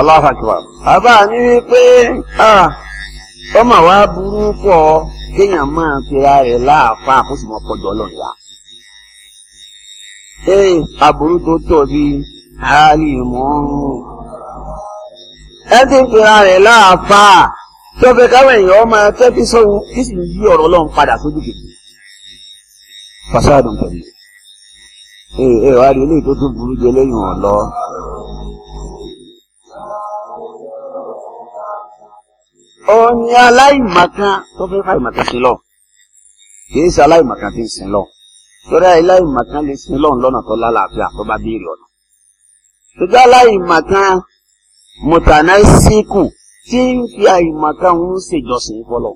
aláhàjùwà. àbá a ọ ó mà wá burú ma kéèyàn máa rẹ̀ láàfáà kó sì wa. ee aburú tó ti tó fẹ́ káwọn èèyàn máa fẹ́ kí sọ́run kí sì yí ọ̀rọ̀ ọlọ́run padà sójú kejì. fasádùn pẹ̀lú. ee ẹ wá òní aláìmọ̀kan tó fẹ́ fàìmọ̀kan sí lọ kìí ṣe aláìmọ̀kan tí ń sin lọ torí aláìmọ̀kan lè sin lọ́n lọ́nà tó lálàáfíà tó bá béèrè ọ̀nà. ṣùgbọ́n aláìmọ̀kan mùtànà síkù tí ń fi àìmọ̀kan ń ṣèjọsìn fọlọ́.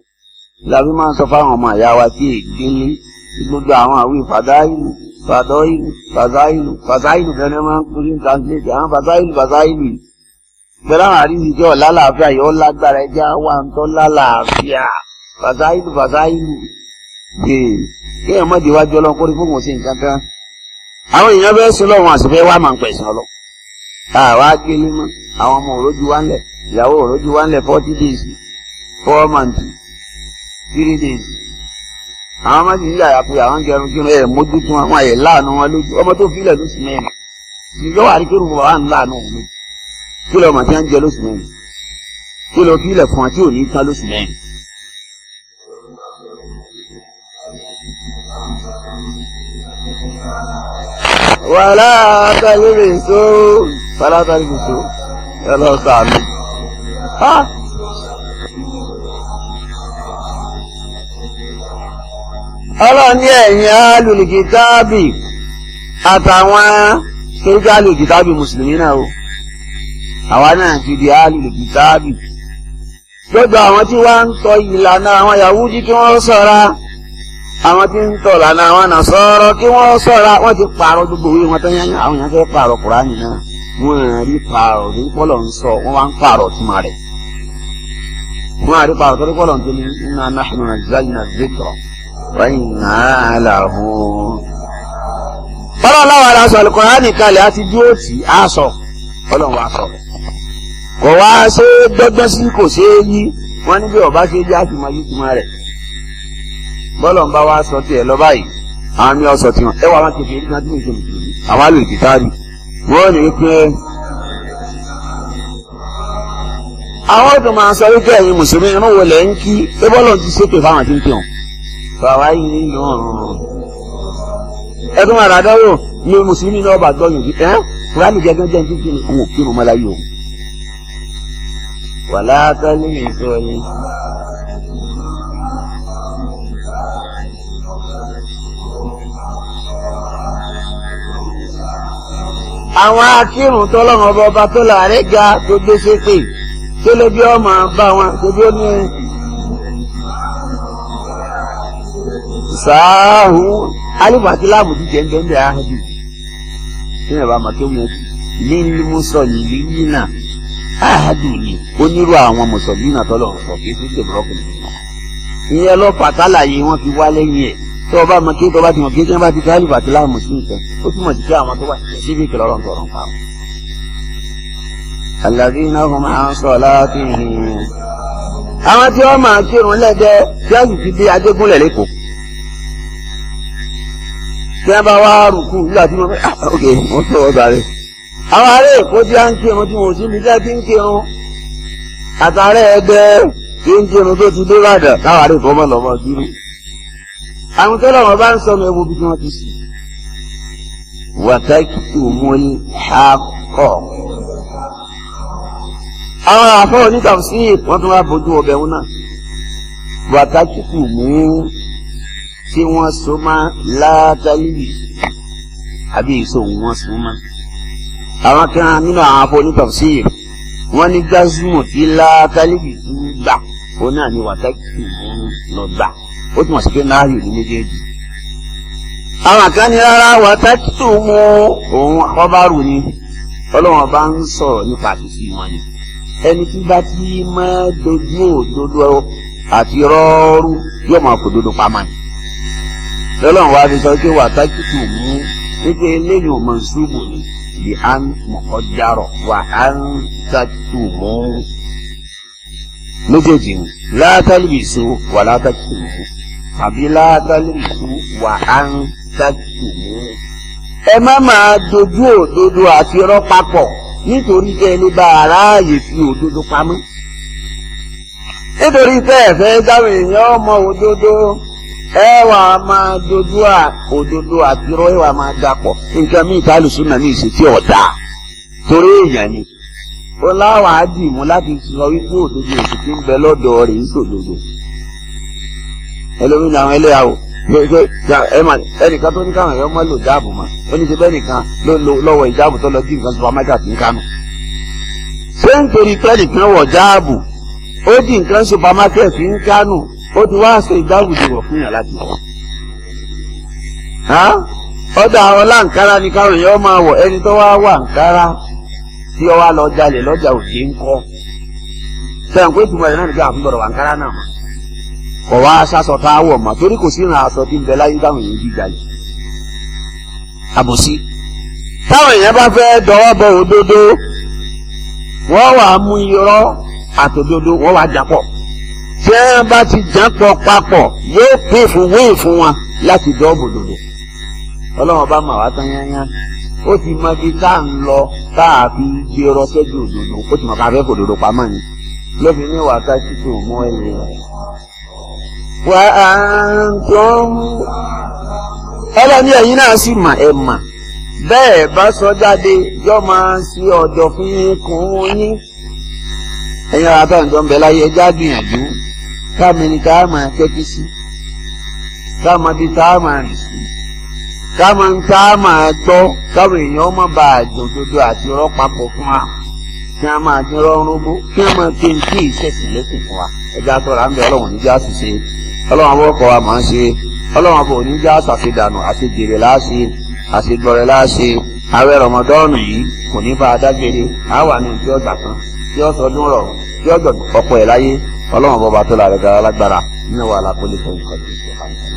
ìlàbí máa ń sọ fáwọn ọmọ ìyá wa tí ègbélé tí gbogbo àwọn àwí fàdáìlù fàdọ́ìlù fàdáìlù fàdáìlù kẹ́ni máa ń kúrin translate àwọn fàdáìlù fàdáìlù yìí pẹ̀lú àwọn àríwí jẹ́ ọ̀la làáfíà yọ lágbára ẹja wà ń tọ́ lálàáfíà fàsáìlù fàsáìlù gbèrè kí ẹ̀ mọ́dé wájú ọlọ́run kó rí fóun sí nǹkan kan. àwọn èèyàn bẹ́ẹ̀ sí lọ́wọ́n àti fẹ́ wá máa ń pẹ̀sìn ọlọ́ àwa gbélé mọ́ àwọn ọmọ òrójú wá ń ìyàwó òrójú wá ń forty days four months three days àwọn máa ń yí àyàpò àwọn gẹrun kí ẹ mójútó àwọn àyè láàánú wọn lójú ọmọ tó fi ilẹ̀ lóṣù mẹ́rin ìjọba àríkèrú bàbá ń láàánú òun lójú kí lọ màtí à ń jẹ lóṣù mẹ́rin kí lọ fílẹ̀ fún àti òní ta lóṣù mẹ́rin. wàhálà àtàlùmí so wàhálà àtàlùmí so ẹ lọ sàánú. ọlọ́ọ̀ni ẹ̀yìn alùlùkìtàbì àtàwọn tó ń mùsùlùmí náà o àwa náà ti di alùlù kìtáàbì gbogbo àwọn tí wọ́n ń tọ ìlànà àwọn Yahudi kí wọ́n ṣọ́ra àwọn tí ń tọ ìlànà àwọn Nasara kí wọ́n ṣọ́ra wọ́n ti pààrọ̀ gbogbo ìwé wọn tó yẹn àwọn yẹn fẹ́ pààrọ̀ Kùránì náà wọ́n rí pààrọ̀ rí pọ́lọ̀ ń sọ wọ́n wá ń pààrọ̀ túmọ̀ rẹ̀ wọ́n á rí pààrọ̀ tó rí pọ́lọ̀ ń tó ní inna nahnu nazzalna dhikra wa inna lahu. fọlọ́ọ̀lá ọlọ́run wa sọ̀rọ̀ kò wá ṣe é dọ́gbọ́n sí kò ṣe é yí wọ́n ní bí ọba ṣe yá àtìmọ́ yí tìmọ́ rẹ̀ bọ́lọ̀ ń bá wa sọ tiẹ̀ lọ báyìí àwọn mi ọsọ tiwọn ẹ wà wọn kẹfì ẹni náà tí mo jẹ mùsùlùmí àwọn àlè kìtàrí wọn ní pé àwọn tó máa sọ wípé ẹ̀yin mùsùlùmí inú wo lẹ ń kí pé bọ́lọ̀ ti ṣépè fáwọn tí ń kí wọn bàbá yìí ní ìlú ọ̀run ẹ tó máa rà dáwọ́ ní mùsùlùmí náà bàgbọ́ yòókì ẹ́ kuranu gẹ́gẹ́ jẹ ntí kí ni òun ò kírun mọ láyé o. wàlá kálí ìsọyìn. àwọn akírun tọ́lọ́run ọba ọba tó láàárẹ̀ ga tó gbé ṣépè tó lè bí ọmọ bá wọn tó bí ó ní. sáà hù alifàtí láàmù jíjẹ ń bẹ́ẹ̀ bẹ́ẹ̀ á bíi tí yẹn bá mọ kí wọn ti ní mùsọ̀lì yìnyínà áhàdù ni onírú àwọn mùsọ̀lì náà tọ́lọ̀ ń sọ kí sísè búrọ́kù ni. ìyẹn lọ pàtàlàyé wọn fi wá lẹ́yìn ẹ̀ tó o bá mọ kí tó bá ti mọ kí tí bá ti káàlù àti láàmú sí nǹkan ó túmọ̀ sí pé àwọn tó wà síbi ìkìlọ̀rọ̀ ń tọrọ nǹkan. alladhina hum an salatihim àwọn tí wọ́n máa kírun lẹ́dẹ́ tí wọ́n sì ti dé tí wọ́n bá wá rùkú nígbà tí wọ́n fẹ́ ah, ok wọ́n tọ̀ ọ́ sáré. àwọn ará èkó tí a ń kírun tí wọn ò sí ibi tẹ́ ti ń kírun àtàrà ẹgbẹ́ tí ń kírun tó ti dé Ìbàdàn káwọn ará èkó mọ̀ lọ́mọ dúró. àwọn tó lọ́wọ́ bá ń sọ mi ewu bí wọ́n ti sì. wàtàkì òmùn àkọ́. àwọn àfọwọ́ ní sí wọ́n tún wá bójú ọbẹ̀ wọn náà. wàtàkì òmùn ṣé wọ́n so má látàlí àbí èso wọn so má. àwọn kan nínú àwọn afọ́nítọ̀síyè wọ́n ní gásùmù tí látàlí tó gbà ó náà ní wàtákì lọ gbà ó túmọ̀ sí pé náà yòó ní méjèèjì. àwọn kan ní rárá wàtákì tó mú òun ọbárù ni ọlọ́wọ́n bá ń sọ̀rọ̀ nípa àtúnṣe wọn ni ẹni tí bá ti máa dojú òdodo àti rọ́ọ̀rù yóò máa kó dodo pamọ́ ni lọ́lọ́run wá fi sọ pé wàtákìtì mú wípé eléyìí ò mọ̀ ṣubú ni bí a ń mọ̀kọ́ jarọ̀ wà á ń tàkìtì mú méjèèjì ni látàlùbìsù wà látàkìtì mú àbí látàlùbìsù wà á ń tàkìtì mú. ẹ má máa dojú òdodo àti irọ́ papọ̀ nítorí kẹ́ ẹni bá aráàyè fi òdodo pamọ́ nítorí tẹ́ ẹ fẹ́ èèyàn ọmọ òdodo. ẹwà wà máa dodo à òdodo àtirọ́ ẹ máa dapọ̀ nǹkan míì tá ní torí èèyàn ni ó láwàá mú láti sọ wípé òdodo ń bẹ lọ́dọ̀ rẹ̀ ń ẹlòmínú àwọn o ẹnìkan tó ní káwọn èèyàn mọ́ lò mọ́ ó ní ti bẹ́ẹ̀ nìkan ń lọ́wọ́ ìjáàbù tó lọ bí nǹkan supermarket ń kánú. ṣé nítorí pẹ́ẹ́nì kan di nǹkan supermarket ń ó ti wá aṣọ ìgbàgùdùwọ̀ fún yàn ha wọ̀ ọ̀dọ̀ àwọn láǹkárá ni káwọn èèyàn máa wọ̀ ẹni tó wá wà ǹkárá tí ó wá lọ jalè lọ́jà òde ń kọ́ sẹ́yìn ìtumọ̀ ẹ̀ náà nìkan àfihàn wà ǹkárá náà mọ̀ kọ̀ wá tá a wọ̀ mọ̀ torí kò sí ìrìn aṣọ tí ń bẹ láyé èèyàn àbòsí tí wọ́n bá ti jápọ̀ papọ̀ yóò pè fún wéè fún wọn láti dọ́ òbòdòdò ọlọ́run bá mà wá tán yányá ó ti mọ ibi tá à ń lọ tá a fi gbé ọrọ̀ sẹ́jú òdòdó ó ti mọ̀ ká fẹ́ fòdòdó pamọ́ ni lóbi ní wàá ká títí òmú ẹ̀yìn rẹ̀. wà á tó ń ọlọ́ni ẹ̀yin náà sì mà ẹ̀ mà bẹ́ẹ̀ bá sọ jáde yọ máa ṣe ọ̀dọ̀ fún yín kún yín ẹ̀yin ara tó ń jọ ń bẹ láyé gbìyànjú ká mẹni tá a máa tẹ́tí sí ká mọ bí tá a máa rìn sí ká mọ ní tá a máa gbọ́ káwọn èèyàn má ba àjòdodo àti ọ̀rọ̀ papọ̀ fún wa kí a máa dín rọrùn bó kí a máa pín kí ìṣẹ̀sìn lẹ́sìn fún wa ẹja tọ́ra ń bẹ ọlọ́run níjà ṣùṣe ọlọ́run àbọ̀kọ̀ wa máa ń ṣe ọlọ́run àbọ̀ níjà ṣàṣedànù àti láṣe àṣegbọrẹ láṣe àwẹ̀ rọmọdọ́ọ̀nù yìí kò ní bá a dágbére àwa ní ìjọ ọgbà kan tí ó sọdún rọrùn yọ gbẹ ọ̀pọ̀ ẹ láyé Ọlọ́run bọba tó la rẹ gara lágbára nínú wa la kólé fún ìkọlù ìṣèkànnì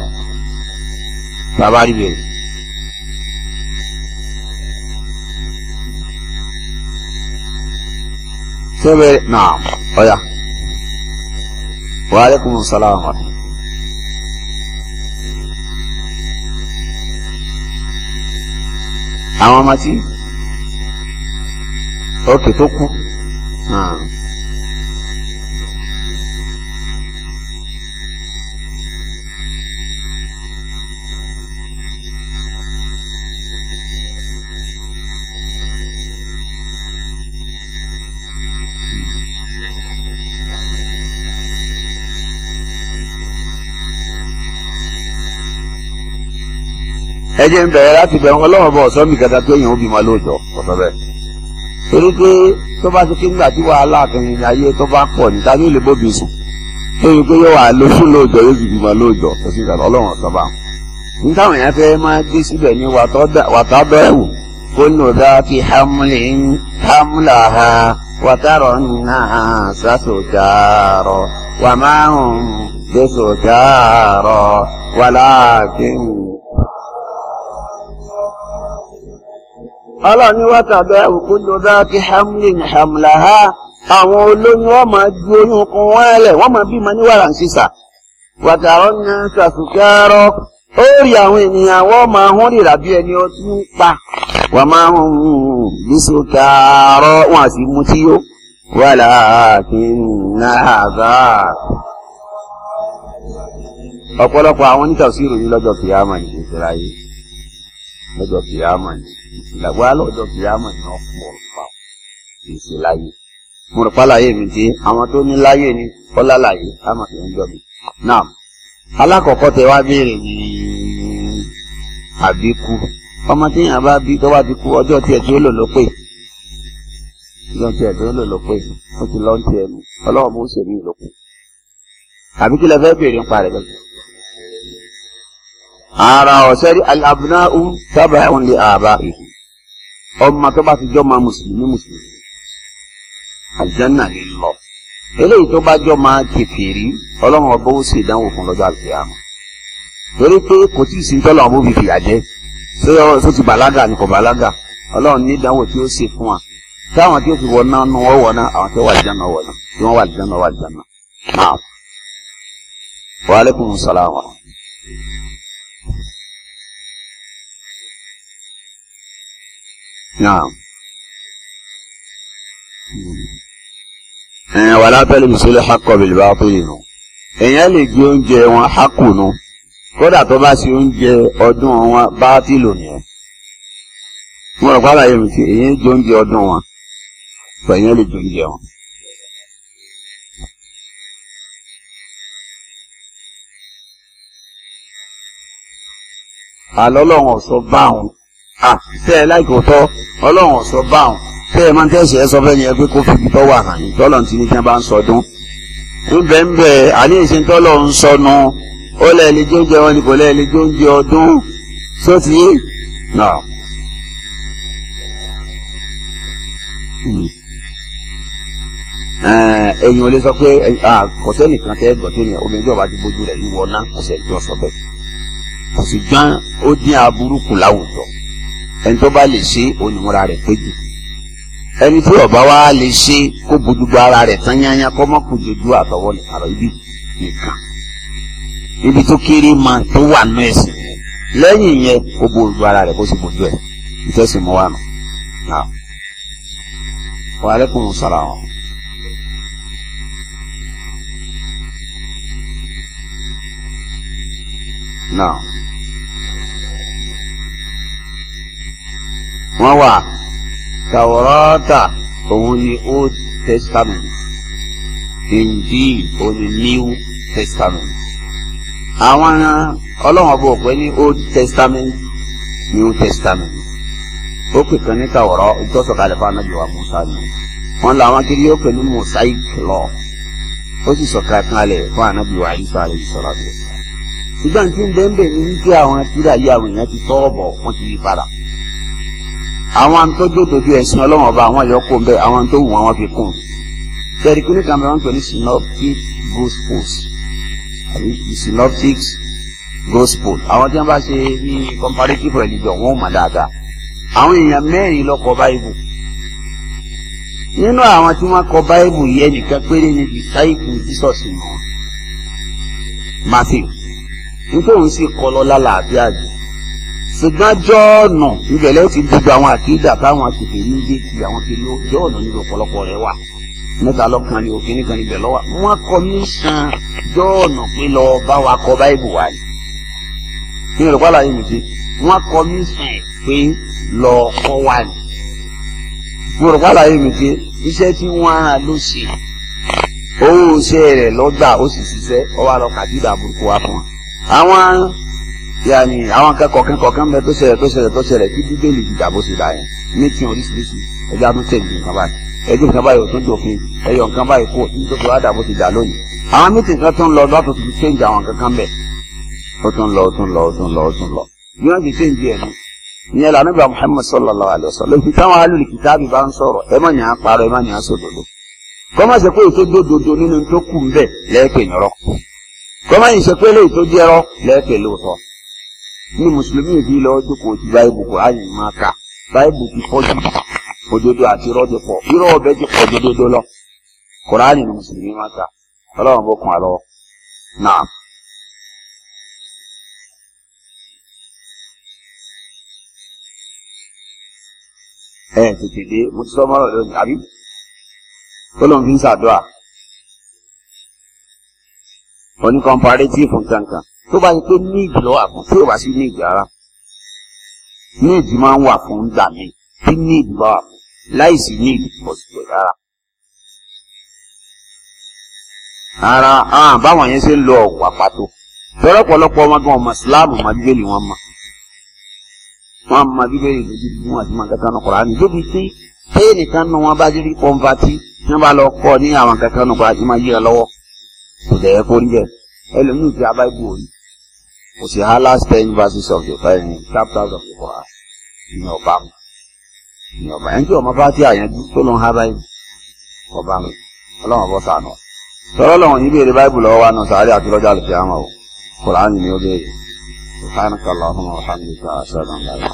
bàbá rí bèrè. sebe naam oya waaleykum salaam wa àwọn ọmọ tí ókè tó kú. ẹ jẹ́ ń bẹ̀rẹ̀ láti bẹ̀rẹ̀ wọn lọ́wọ́ bọ̀ sọ́mi kẹta pé èèyàn ó bímọ lóòjọ́ ọ̀sán bẹ́ẹ̀. torí pé tó bá ti kéńgbà tí wàhálà àtẹ̀yìn ayé tó bá pọ̀ ní ta ní ilé bóbi sùn lórí pé yóò wà lóṣù lóòjọ́ yóò sì bímọ lóòjọ́ tó sì kàtà ọlọ́run ọ̀sán bá wọn. táwọn èèyàn fẹ́ máa gbé síbẹ̀ ní wàtá bẹ́ẹ̀wù kó lò dá ti hamla ha wàtárọ̀ náà sásòjàrọ̀ wàmáhùn gbèsòjàrọ̀ wàláàkín ọlọ́ni wákàbẹ́ òkúlò bá kí hamlin hamlaha àwọn olóyún wọ́n máa ju oyún kan wọ́n lẹ̀ wọ́n máa bímọ ní wàrà sísà wàtàrọ́ ní sàṣùkẹ́rọ́ ó rí àwọn ènìyàn wọ́n máa hún rírà bí ẹni ma pa wọ́n máa ń bísí kàárọ̀ wọn àti ọ̀pọ̀lọpọ̀ àwọn ìròyìn lọ́jọ́ kìí àmà ìṣẹ̀ṣẹ̀ lọ́jọ́ kìámà ni ìgbàgbọ́ alọ́jọ́ kìámà ni wọ́n fún ọ̀rọ̀ pa kì í ṣe láyé mo rò pa láyé mi tí àwọn tó ní láyé ni kọ́lá láyé àmọ̀ kì í jọ mi. náà alákọ̀ọ́kọ́ tẹ wá béèrè ní àbíkú ọmọ tí yàrá bá bí tó bá ti kú ọjọ́ tiẹ̀ tí lò ló pè ọjọ́ tiẹ̀ tí lò ló pè ó ti lọ́ọ́ tiẹ̀ nù ọlọ́wọ́ bó ṣèlú ìlòkù àbíkú lẹ fẹ́ béèrè ń parẹ́ bẹ́ẹ̀ ara ọ̀sẹ́ rí al-abna'u tabi'un li aba'ihi ọmọ tó bá ti jọ́ ma mùsùlùmí mùsùlùmí àlùjánnà lè lọ eléyìí tó bá jọ́ ma kèfèrí ọlọ́run ọba ó sì dánwò fún lọ́jọ́ àlùkìyàmù torí pé kò tí ì sí tọ́lọ̀ ọ̀bọ̀ fi fìyà jẹ tó ti bàlágà ni kò bàlágà ọlọ́run ní ìdánwò tí ó ṣe fún wa táwọn tí ó fi wọná nu wọ́n wọná àwọn tí ó wà àlùjánnà wọná tí wọ́n wà àlùjánnà wà àlùjánnà náà wa alaikum نعم ẹ̀yìn wà látẹ̀lé mùsùlùmí hakọ̀ bìlìbà tó yìí nù èèyàn lè gbé oúnjẹ wọn hakùnù kódà tó bá ṣe oúnjẹ ọdún wọn bá tìlò nìyẹn mo rò pàdà yẹn ti èèyàn jẹ oúnjẹ ọdún wọn pẹ̀ èèyàn lè jẹ oúnjẹ wọn. àlọ́ lọ́wọ́ sọ báwọn à tẹ́ ẹ láì kò tọ́ ọlọ́run ọ̀sọ́ bá wọn tẹ́ ẹ máa ń tẹ̀sí ẹ sọ fẹ́ ni ẹ pé kó fi ibi tọ́ wà hàn yín tọ́lọ̀ ti ní kí wọ́n bá ń sọdún. ńbẹ ńbẹ àní ìsìn tọ́lọ̀ ń sọnu ó lẹ́ẹ̀lì jóúnjẹ wọn ni kò lẹ́ẹ̀lì jóúnjẹ ọdún só ti yé nà. ẹ̀yin ò lè sọ pé kò sẹ́nìkan tẹ́ gbọ́ tó ní omi ìjọba ti bójú rẹ̀ yíwọ náà kò sẹ́ni tó sọ bẹ́ẹ̀ kò sì gbọ́n ó dín aburú kù láwùjọ ẹni tó bá lè ṣe onímọ̀ra rẹ̀ pé jù ẹni tí ọba wa lè ṣe kó bójúgbó ara rẹ̀ tán yányá kó má kó jojú àtọwọ́ àrọ ibi nìkan ibi tó kéré ma tó wà nù ẹ̀sìn lẹ́yìn yẹn kó bójú ara rẹ̀ kó sì bójú ẹ̀ ìtẹ́sìn mọ́ wà nù. wa alaikum salaam. Now. wọ́n wà tàwọ́rọ́tà òun ni old testament injil òun ni new testament àwọn ọlọ́run ọba òpè ní old testament new testament ó pè kan ní tàwọ́rọ́ ìtọ́sọ̀kalẹ̀ fún anábì wa musa ni wọ́n làwọn kiri ó pè ní mosaic law ó sì sọ̀kalẹ̀ fún anábì wa isa alayhi salatu ṣùgbọ́n tí ń bẹ́ẹ̀ bẹ́ẹ̀ ní wípé àwọn akíra yìí àwọn èèyàn ti tọ́ ọ̀bọ̀ wọ́n ti yí padà àwọn tó jó tójú ẹ̀sìn ọlọ́wọ́n ọba àwọn àyọkù ń bẹ àwọn tó wù wọn fi kún un tẹ̀ríkù ní kàmbẹ́ wọn pè ní synoptic gospels àbí synoptic gospel àwọn tí wọn bá ṣe ní comparative religion wọn ò mọ̀ dáadáa àwọn èèyàn mẹ́rin ló kọ báìbù nínú àwọn tí wọ́n kọ báìbù yìí ẹnìkan péré ní disciple Jesus nù Matthew nítorí òun sì kọ lọ lálàáfíà jù ṣùgbọ́n jọ́ọ̀nà ìbẹ̀lẹ̀ ó ti dojú àwọn àkídà táwọn àtìkè ní dé ti àwọn kiri ó jọ́ọ̀nà níbi ọ̀pọ̀lọpọ̀ rẹ̀ wà mẹ́ta lọ́kàn ni òfin nìkan níbẹ̀ lọ́wọ́ wọ́n kọ́ ní san jọ́ọ̀nà pé lọ bá wa kọ báìbù wa yìí ní ìrọ̀pá àlàyé mi ti wọ́n kọ́ ní san pé lọ kọ́ wa ni ní ìrọ̀pá àlàyé mi ti iṣẹ́ tí wọ́n á ló ṣe owó iṣẹ́ rẹ̀ lọ́gbà ó sì ṣiṣẹ́ ọwọ́ àlọ́ kàdídà burúkú wa fún wa àwọn yanni àwọn kan kọ̀ọ̀kan kọ̀ọ̀kan bẹ tó ṣẹlẹ̀ tó ṣẹlẹ̀ tó ṣẹlẹ̀ tí bíbélì ti dàbò sí báyẹn mítìn oríṣiríṣi ẹjọ́ àtún tẹ̀ nǹkan báyìí ẹjọ́ nǹkan báyìí ò tún dòfin ẹyọ nǹkan báyìí kò nítorí wàá dàbò ti dà lónìí. àwọn mítìn kan tún lọ lọ́tún ti ṣéǹjì àwọn kankan bẹ̀ ó tún lọ ó tún lọ ó tún lọ ó tún lọ. bí wọ́n ti ṣéǹjì ẹ̀ ìyẹn lànà bá Muhammad sallallahu alayhi wa sallam táwọn alùlù kìtàbí bá ń sọ̀rọ̀ ẹ má ní à parọ́ ẹ má ní à sòdodo kọ́má ṣe pé ètò dòdòdò nínú tó kù ń bẹ̀ lẹ́ẹ̀pẹ̀ nírọ́ kọ́má yìí ṣe pé lè tó jẹ́rọ́ lẹ́ẹ̀pẹ̀ lóòótọ́ ní mùsùlùmí ìfi lọ jókòó ti báyìbù kò áyìn máa kà báyìbù ti pọ̀ òdodo àti irọ́ pọ̀ irọ́ ọbẹ̀ ti pọ̀ dododo lọ kòránì ní mùsùlùmí máa kà ọlọ́run bó kún wa náà. ẹ tètè dé mo ti sọ mọ́rọ̀ lónìí àbí ó lóun oní comparative nǹkan tó bá yẹ pé ní ìdí lọ́wọ́ àfún tí ò bá sí ní ìdí rárá ní ìdí máa ń wà fún gbà mí tí ní ìdí bá wà fún láì sí ní ìdí kò sí pẹ̀ rárá. ara àwọn báwọn yẹn ṣe ń lo ọ̀wà pàtó lọ́pọ̀lọpọ̀ ọmọ gan ọmọ ìsìláàmù ọmọ bíbélì wọn mọ̀ wọn mọ bíbélì lójú bí wọn àti màkàkà náà kọ̀ọ̀rọ̀ àná débi tí téèyàn kan nu wọn bá rí kọ́ńfàtì tí wọn bá lọ kọ́ ní àwọn kankan náà kọ̀ọ̀rọ̀ àti máa yíra lọ́wọ́ kò dẹ̀ yẹ kó rí bẹ́ẹ̀ ẹlòmíì ti abáyé bò rí Kò sí highlight ten verses of the Bible chapters of the Quran ní ọba mu. Ní ọba ẹni tí ọmọ bá ti àyànjú tó ló ń ha báyìí ọba mu. Ọlọ́run ọbọ̀ sànù. Sọlọ́ lọ́wọ́n yìí béèrè báyìí lọ́wọ́ wa náà sàárẹ̀ àti lọ́jà lọ́jà àmọ́ o. Kùránì ni ó béèrè. Sùkánù kàlọ́ fún ọ̀hánì ìgbà àṣẹ náà.